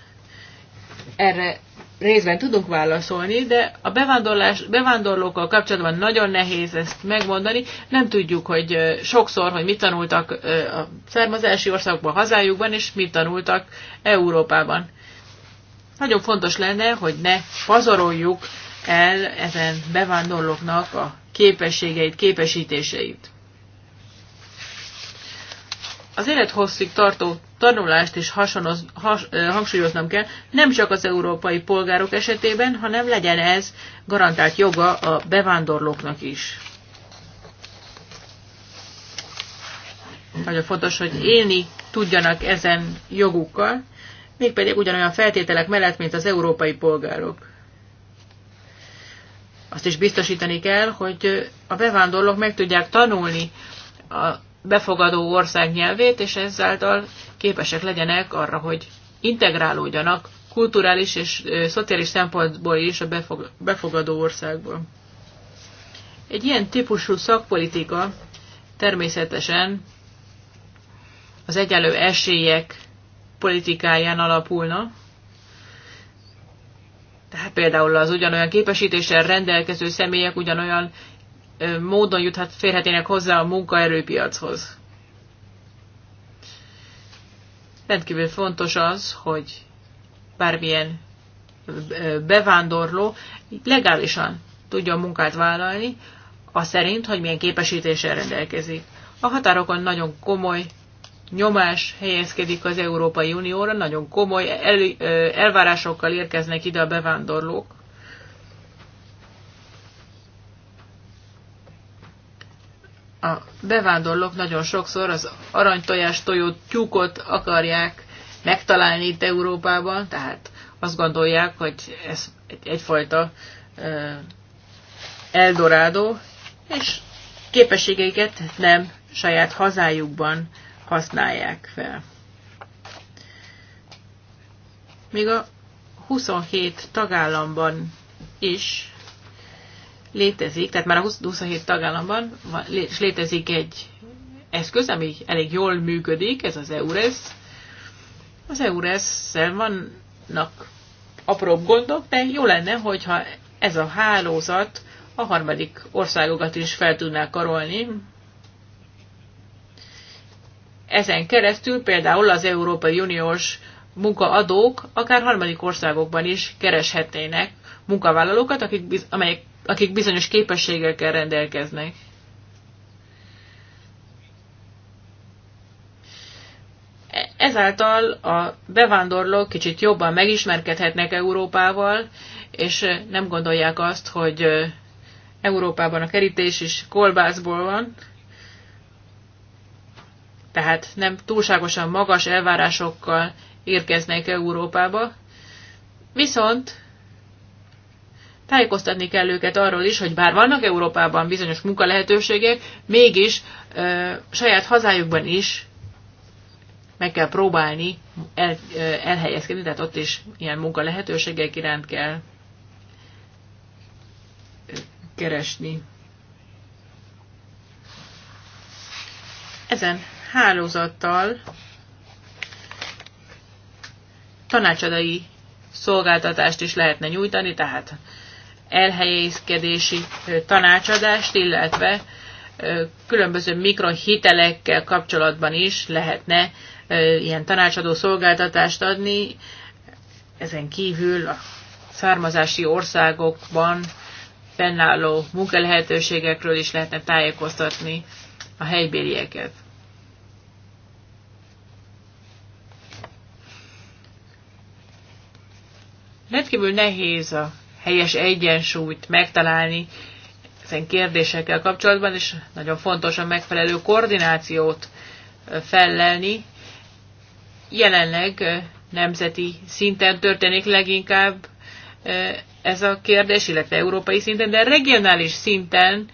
erre részben tudunk válaszolni, de a bevándorlás, bevándorlókkal kapcsolatban nagyon nehéz ezt megmondani. Nem tudjuk, hogy sokszor, hogy mit tanultak a származási országban, hazájukban, és mit tanultak Európában. Nagyon fontos lenne, hogy ne pazaroljuk el ezen bevándorlóknak a képességeit, képesítéseit. Az élethosszig tartó tanulást is hasonoz, has, hangsúlyoznom kell, nem csak az európai polgárok esetében, hanem legyen ez garantált joga a bevándorlóknak is. Nagyon fontos, hogy élni tudjanak ezen jogukkal, mégpedig ugyanolyan feltételek mellett, mint az európai polgárok azt is biztosítani kell, hogy a bevándorlók meg tudják tanulni a befogadó ország nyelvét, és ezáltal képesek legyenek arra, hogy integrálódjanak kulturális és szociális szempontból is a befogadó országból. Egy ilyen típusú szakpolitika természetesen az egyenlő esélyek politikáján alapulna, tehát például az ugyanolyan képesítéssel rendelkező személyek ugyanolyan módon juthat, férhetének hozzá a munkaerőpiachoz. Rendkívül fontos az, hogy bármilyen bevándorló legálisan tudja a munkát vállalni, a szerint, hogy milyen képesítéssel rendelkezik. A határokon nagyon komoly nyomás helyezkedik az Európai Unióra, nagyon komoly el, elvárásokkal érkeznek ide a bevándorlók. A bevándorlók nagyon sokszor az aranytojás tojót, tyúkot akarják megtalálni itt Európában, tehát azt gondolják, hogy ez egyfajta eldorádó, és képességeiket nem saját hazájukban használják fel. Még a 27 tagállamban is létezik, tehát már a 27 tagállamban is létezik egy eszköz, ami elég jól működik, ez az EURES. Az EURES-szel vannak apróbb gondok, de jó lenne, hogyha ez a hálózat a harmadik országokat is fel tudná karolni, ezen keresztül például az Európai Uniós munkaadók akár harmadik országokban is kereshetnének munkavállalókat, akik, biz, amelyek, akik bizonyos képességekkel rendelkeznek. E-, ezáltal a bevándorlók kicsit jobban megismerkedhetnek Európával, és nem gondolják azt, hogy Európában a kerítés is kolbászból van, tehát nem túlságosan magas elvárásokkal érkeznek Európába. Viszont tájékoztatni kell őket arról is, hogy bár vannak Európában bizonyos munkalehetőségek, mégis ö, saját hazájukban is meg kell próbálni el, ö, elhelyezkedni, tehát ott is ilyen munkalehetőségek iránt kell keresni. Ezen hálózattal tanácsadai szolgáltatást is lehetne nyújtani, tehát elhelyezkedési tanácsadást, illetve különböző mikrohitelekkel kapcsolatban is lehetne ilyen tanácsadó szolgáltatást adni. Ezen kívül a származási országokban fennálló munkalehetőségekről is lehetne tájékoztatni a helybélieket. Rendkívül nehéz a helyes egyensúlyt megtalálni ezen kérdésekkel kapcsolatban, és nagyon fontos a megfelelő koordinációt fellelni. Jelenleg nemzeti szinten történik leginkább ez a kérdés, illetve európai szinten, de regionális szinten,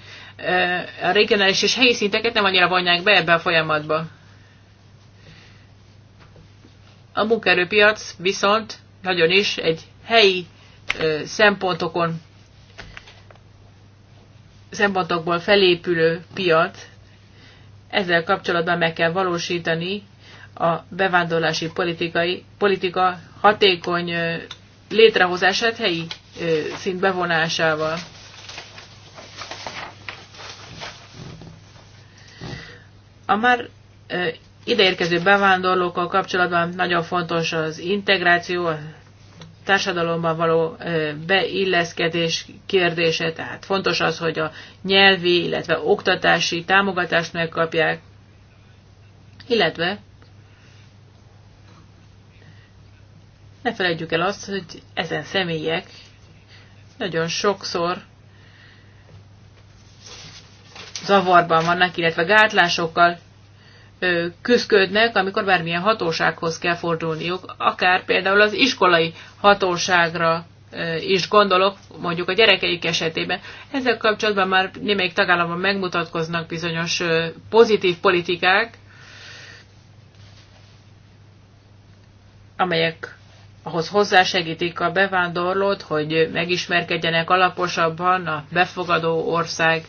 a regionális és helyi szinteket nem annyira vonják be ebbe a folyamatba. A munkaerőpiac viszont nagyon is egy helyi szempontokon, szempontokból felépülő piac, ezzel kapcsolatban meg kell valósítani a bevándorlási politikai, politika hatékony létrehozását helyi szint bevonásával. A már ideérkező bevándorlókkal kapcsolatban nagyon fontos az integráció, a társadalomban való beilleszkedés kérdése, tehát fontos az, hogy a nyelvi, illetve oktatási támogatást megkapják, illetve ne felejtjük el azt, hogy ezen személyek nagyon sokszor zavarban vannak, illetve gátlásokkal küzdködnek, amikor bármilyen hatósághoz kell fordulniuk, akár például az iskolai hatóságra is gondolok, mondjuk a gyerekeik esetében. Ezzel kapcsolatban már némelyik tagállamban megmutatkoznak bizonyos pozitív politikák, amelyek ahhoz hozzásegítik a bevándorlót, hogy megismerkedjenek alaposabban a befogadó ország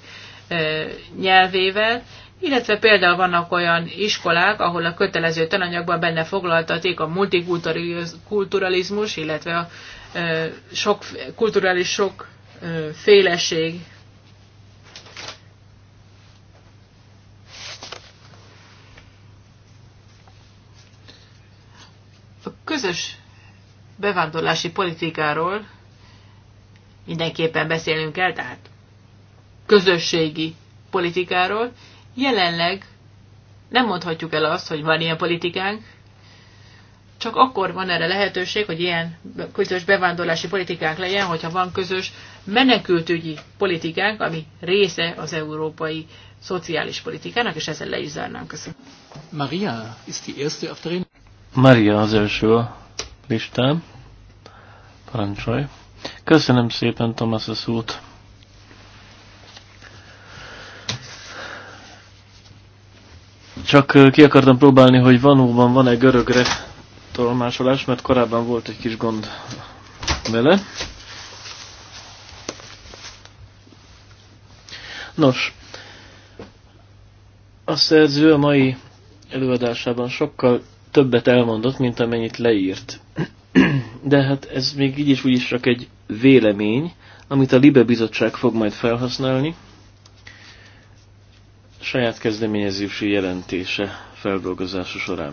nyelvével, illetve például vannak olyan iskolák, ahol a kötelező tananyagban benne foglaltatik a multikulturalizmus, illetve a sok, kulturális sok féleség. A közös bevándorlási politikáról mindenképpen beszélünk el, tehát közösségi politikáról, Jelenleg nem mondhatjuk el azt, hogy van ilyen politikánk, csak akkor van erre lehetőség, hogy ilyen közös bevándorlási politikánk legyen, hogyha van közös menekültügyi politikánk, ami része az európai szociális politikának, és ezzel le is zárnám. Köszönöm. Maria, ist die erste auf der Maria az első a listám. Parancsolj. Köszönöm szépen, Thomas, a szót. Csak ki akartam próbálni, hogy vanóban van-e görögre tolmásolás, mert korábban volt egy kis gond vele. Nos, a szerző a mai előadásában sokkal többet elmondott, mint amennyit leírt. De hát ez még így is úgy is csak egy vélemény, amit a Libe Bizottság fog majd felhasználni, saját kezdeményezési jelentése feldolgozása során.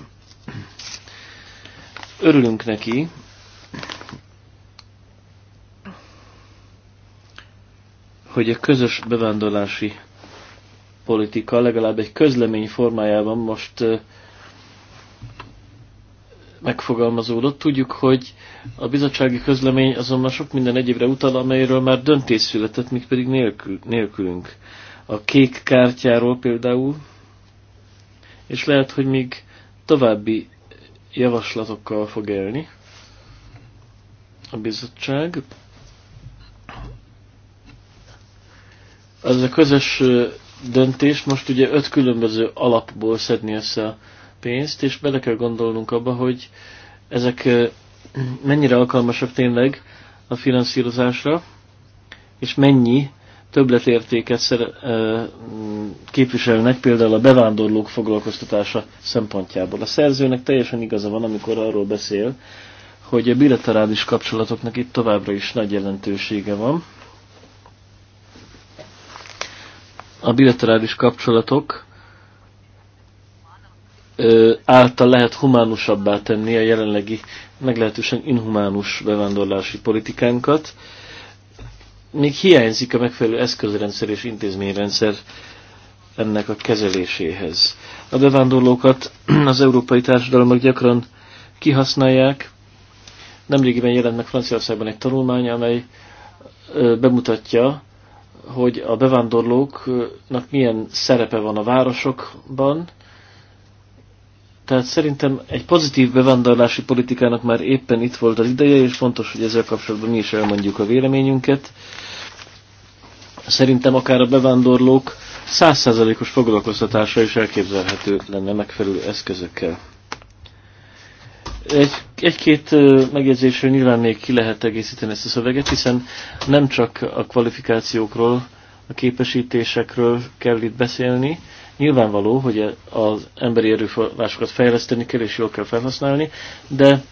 Örülünk neki, hogy a közös bevándorlási politika legalább egy közlemény formájában most megfogalmazódott. Tudjuk, hogy a bizottsági közlemény azonban sok minden egyébre utal, amelyről már döntés született, még pedig nélkül, nélkülünk a kék kártyáról például, és lehet, hogy még további javaslatokkal fog élni a bizottság. Az a közös döntés most ugye öt különböző alapból szedni össze a pénzt, és bele kell gondolnunk abba, hogy ezek mennyire alkalmasak tényleg a finanszírozásra, és mennyi többletértéket képviselnek, például a bevándorlók foglalkoztatása szempontjából. A szerzőnek teljesen igaza van, amikor arról beszél, hogy a bilaterális kapcsolatoknak itt továbbra is nagy jelentősége van. A bilaterális kapcsolatok által lehet humánusabbá tenni a jelenlegi meglehetősen inhumánus bevándorlási politikánkat, még hiányzik a megfelelő eszközrendszer és intézményrendszer ennek a kezeléséhez. A bevándorlókat [clears throat] az európai társadalmak gyakran kihasználják. Nemrégiben jelent meg Franciaországban egy tanulmány, amely bemutatja, hogy a bevándorlóknak milyen szerepe van a városokban, tehát szerintem egy pozitív bevándorlási politikának már éppen itt volt az ideje, és fontos, hogy ezzel kapcsolatban mi is elmondjuk a véleményünket. Szerintem akár a bevándorlók százszázalékos foglalkoztatása is elképzelhető lenne megfelelő eszközökkel. Egy, egy-két megjegyzésről nyilván még ki lehet egészíteni ezt a szöveget, hiszen nem csak a kvalifikációkról, a képesítésekről kell itt beszélni, Nyilvánvaló, hogy e- az emberi erőforrásokat fejleszteni kell és jól kell felhasználni, de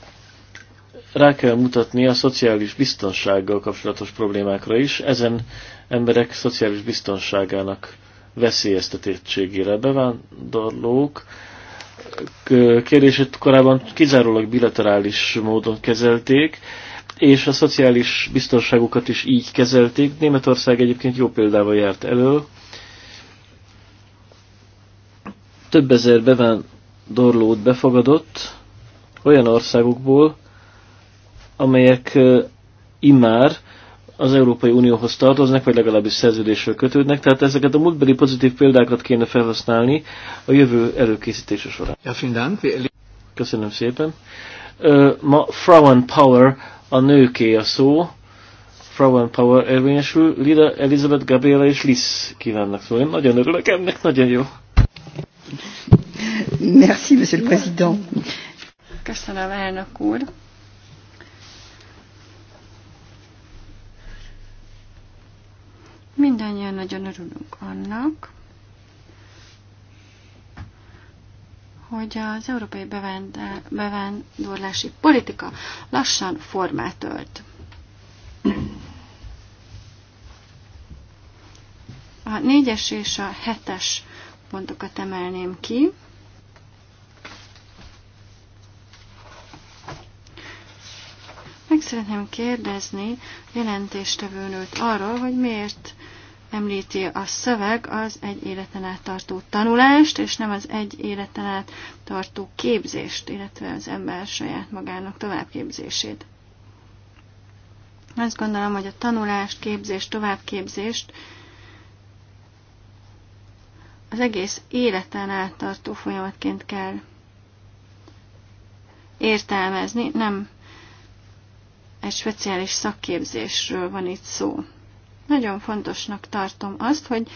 rá kell mutatni a szociális biztonsággal kapcsolatos problémákra is, ezen emberek szociális biztonságának veszélyeztetettségére. Bevándorlók kérdését korábban kizárólag bilaterális módon kezelték, és a szociális biztonságukat is így kezelték. Németország egyébként jó példával járt elő, több ezer bevándorlót befogadott olyan országokból, amelyek immár az Európai Unióhoz tartoznak, vagy legalábbis szerződésről kötődnek, tehát ezeket a múltbeli pozitív példákat kéne felhasználni a jövő előkészítése során. Köszönöm szépen. Ma Frauen Power a nőké a szó. Frauen Power érvényesül. Lida, Elizabeth, Gabriela és Liz kívánnak szólni. Nagyon örülök ennek, nagyon jó. Merci, Monsieur le Président. Köszönöm, elnök úr. Mindannyian nagyon örülünk annak, hogy az európai bevándorlási politika lassan formát ölt. A négyes és a hetes pontokat emelném ki. Meg szeretném kérdezni jelentéstevőnőt arról, hogy miért említi a szöveg az egy életen át tartó tanulást, és nem az egy életen át tartó képzést, illetve az ember saját magának továbbképzését. Azt gondolom, hogy a tanulást, képzést, továbbképzést az egész életen áttartó folyamatként kell értelmezni, nem egy speciális szakképzésről van itt szó. Nagyon fontosnak tartom azt, hogy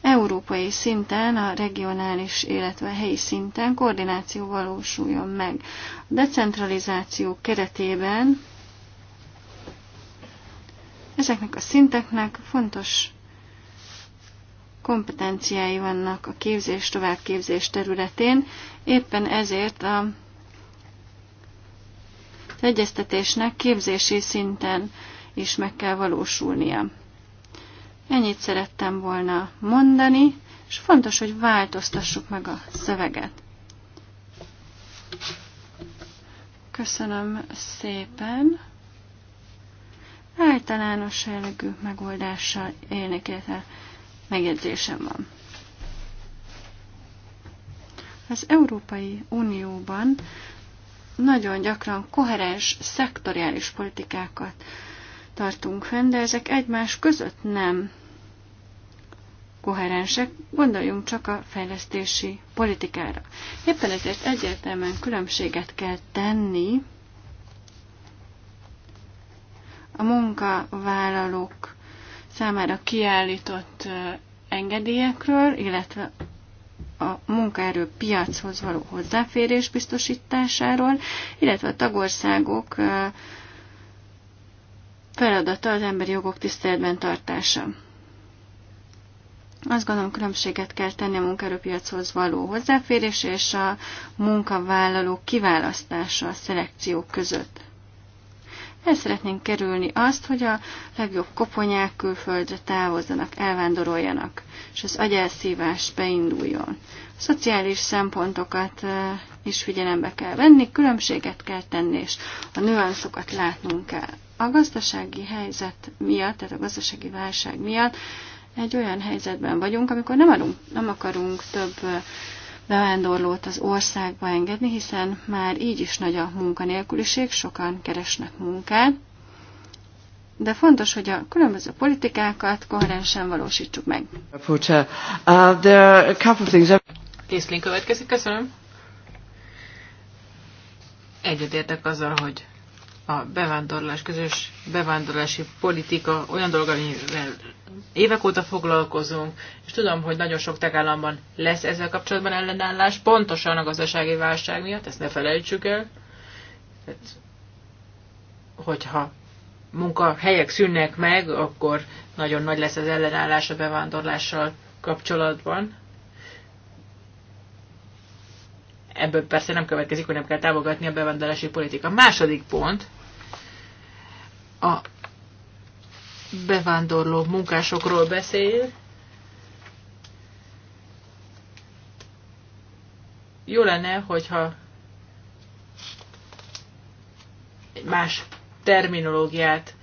európai szinten, a regionális, illetve a helyi szinten koordináció valósuljon meg. A decentralizáció keretében ezeknek a szinteknek fontos kompetenciái vannak a képzés, továbbképzés területén. Éppen ezért a az egyeztetésnek képzési szinten is meg kell valósulnia. Ennyit szerettem volna mondani, és fontos, hogy változtassuk meg a szöveget. Köszönöm szépen. Általános jellegű megoldással élnék, illetve megjegyzésem van. Az Európai Unióban nagyon gyakran koherens szektoriális politikákat tartunk fenn, de ezek egymás között nem koherensek, gondoljunk csak a fejlesztési politikára. Éppen ezért egyértelműen különbséget kell tenni a munkavállalók számára kiállított engedélyekről, illetve a munkaerő piachoz való hozzáférés biztosításáról, illetve a tagországok feladata az emberi jogok tiszteletben tartása. Azt gondolom, különbséget kell tenni a munkaerőpiachoz való hozzáférés és a munkavállalók kiválasztása a szelekciók között. El szeretnénk kerülni azt, hogy a legjobb koponyák külföldre távozzanak, elvándoroljanak, és az agyelszívás beinduljon. A szociális szempontokat eh, is figyelembe kell venni, különbséget kell tenni, és a nüanszokat látnunk kell. A gazdasági helyzet miatt, tehát a gazdasági válság miatt egy olyan helyzetben vagyunk, amikor nem, adunk, nem akarunk több eh, bevándorlót az országba engedni, hiszen már így is nagy a munkanélküliség, sokan keresnek munkát. De fontos, hogy a különböző politikákat koherensen valósítsuk meg. Készlén következik, köszönöm. Egyetértek azzal, hogy a bevándorlás, közös bevándorlási politika olyan dolog, amivel évek óta foglalkozunk, és tudom, hogy nagyon sok tagállamban lesz ezzel kapcsolatban ellenállás, pontosan a gazdasági válság miatt, ezt ne felejtsük el. hát, hogyha munkahelyek szűnnek meg, akkor nagyon nagy lesz az ellenállás a bevándorlással kapcsolatban. Ebből persze nem következik, hogy nem kell támogatni a bevándorlási politika. Második pont – a bevándorló munkásokról beszél. Jó lenne, hogyha egy más terminológiát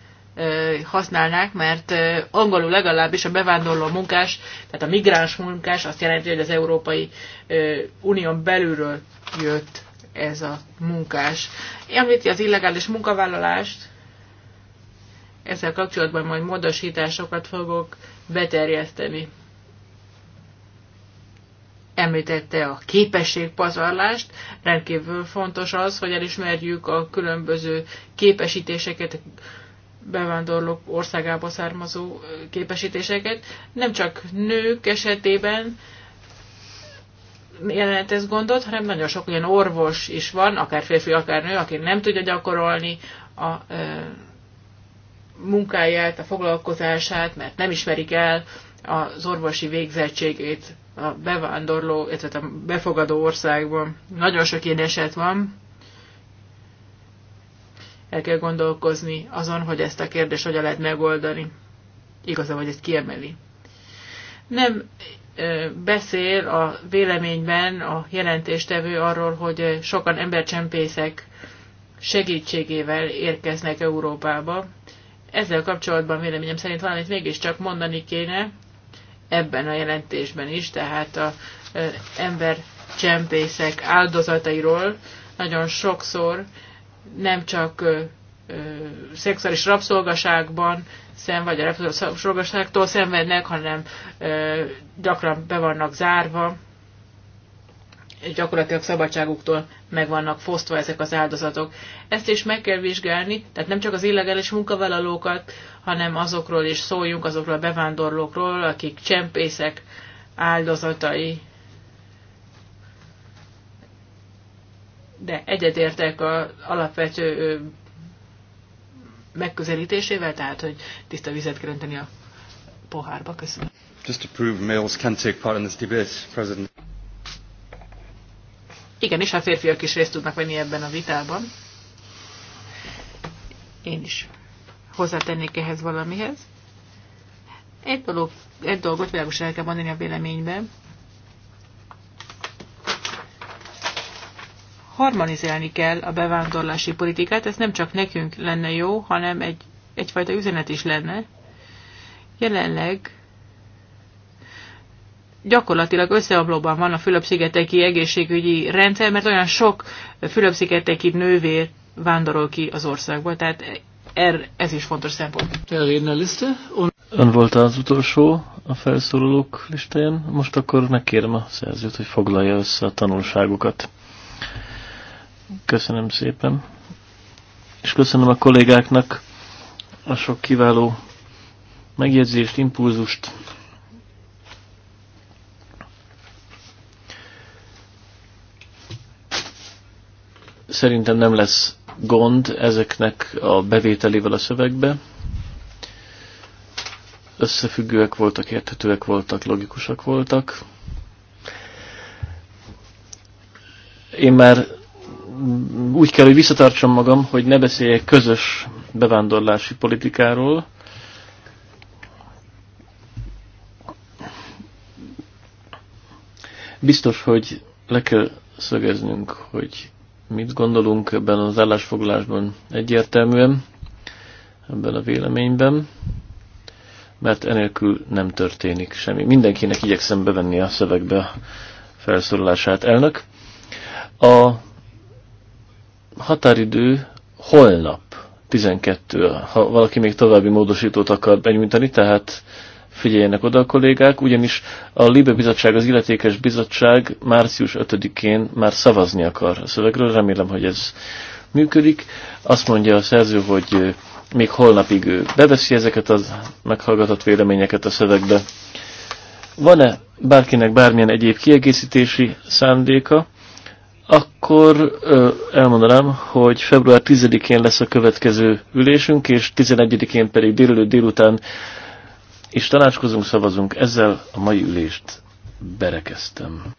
használnák, mert angolul legalábbis a bevándorló munkás, tehát a migráns munkás azt jelenti, hogy az Európai Unión belülről jött ez a munkás. Említi az illegális munkavállalást, ezzel kapcsolatban majd módosításokat fogok beterjeszteni. Említette a képességpazarlást, rendkívül fontos az, hogy elismerjük a különböző képesítéseket, bevándorlók országába származó képesítéseket. Nem csak nők esetében jelent ez gondot, hanem nagyon sok olyan orvos is van, akár férfi, akár nő, aki nem tudja gyakorolni a munkáját, a foglalkozását, mert nem ismerik el az orvosi végzettségét a bevándorló, illetve a befogadó országban. Nagyon sok ilyen eset van. El kell gondolkozni azon, hogy ezt a kérdést hogyan lehet megoldani. Igaza hogy ezt kiemeli. Nem beszél a véleményben a jelentéstevő arról, hogy sokan embercsempészek segítségével érkeznek Európába, ezzel kapcsolatban véleményem szerint valamit mégiscsak mondani kéne ebben a jelentésben is, tehát a ember csempészek áldozatairól nagyon sokszor nem csak szexuális rabszolgaságban szem, vagy a rabszolgaságtól szenvednek, hanem ö, gyakran be vannak zárva gyakorlatilag szabadságuktól meg vannak fosztva ezek az áldozatok. Ezt is meg kell vizsgálni, tehát nem csak az illegális munkavállalókat, hanem azokról is szóljunk, azokról a bevándorlókról, akik csempészek áldozatai. De egyetértek az alapvető megközelítésével, tehát, hogy tiszta vizet kell önteni a pohárba. Köszönöm. Just to prove males can take part in this debate, President. Igen, és a hát férfiak is részt tudnak venni ebben a vitában. Én is hozzátennék ehhez valamihez. Egy, dolog, egy dolgot világosan el kell mondani a véleményben. Harmonizálni kell a bevándorlási politikát, ez nem csak nekünk lenne jó, hanem egy, egyfajta üzenet is lenne. Jelenleg gyakorlatilag összeablóban van a Fülöp-szigeteki egészségügyi rendszer, mert olyan sok Fülöp-szigeteki nővér vándorol ki az országból. Tehát er, ez is fontos szempont. Ön volt az utolsó a felszólalók listáján, most akkor megkérem a szerzőt, hogy foglalja össze a tanulságokat. Köszönöm szépen. És köszönöm a kollégáknak a sok kiváló megjegyzést, impulzust, Szerintem nem lesz gond ezeknek a bevételével a szövegbe. Összefüggőek voltak, érthetőek voltak, logikusak voltak. Én már úgy kell, hogy visszatartsam magam, hogy ne beszéljek közös bevándorlási politikáról. Biztos, hogy le kell szögeznünk, hogy mit gondolunk ebben az állásfoglalásban egyértelműen, ebben a véleményben, mert enélkül nem történik semmi. Mindenkinek igyekszem bevenni a szövegbe a felszólalását elnök. A határidő holnap 12, ha valaki még további módosítót akar benyújtani, tehát figyeljenek oda a kollégák, ugyanis a Libe Bizottság, az illetékes bizottság március 5-én már szavazni akar a szövegről, remélem, hogy ez működik. Azt mondja a szerző, hogy még holnapig ő beveszi ezeket a meghallgatott véleményeket a szövegbe. Van-e bárkinek bármilyen egyéb kiegészítési szándéka? Akkor ö, elmondanám, hogy február 10-én lesz a következő ülésünk, és 11-én pedig délelőtt délután és tanácskozunk, szavazunk. Ezzel a mai ülést berekeztem.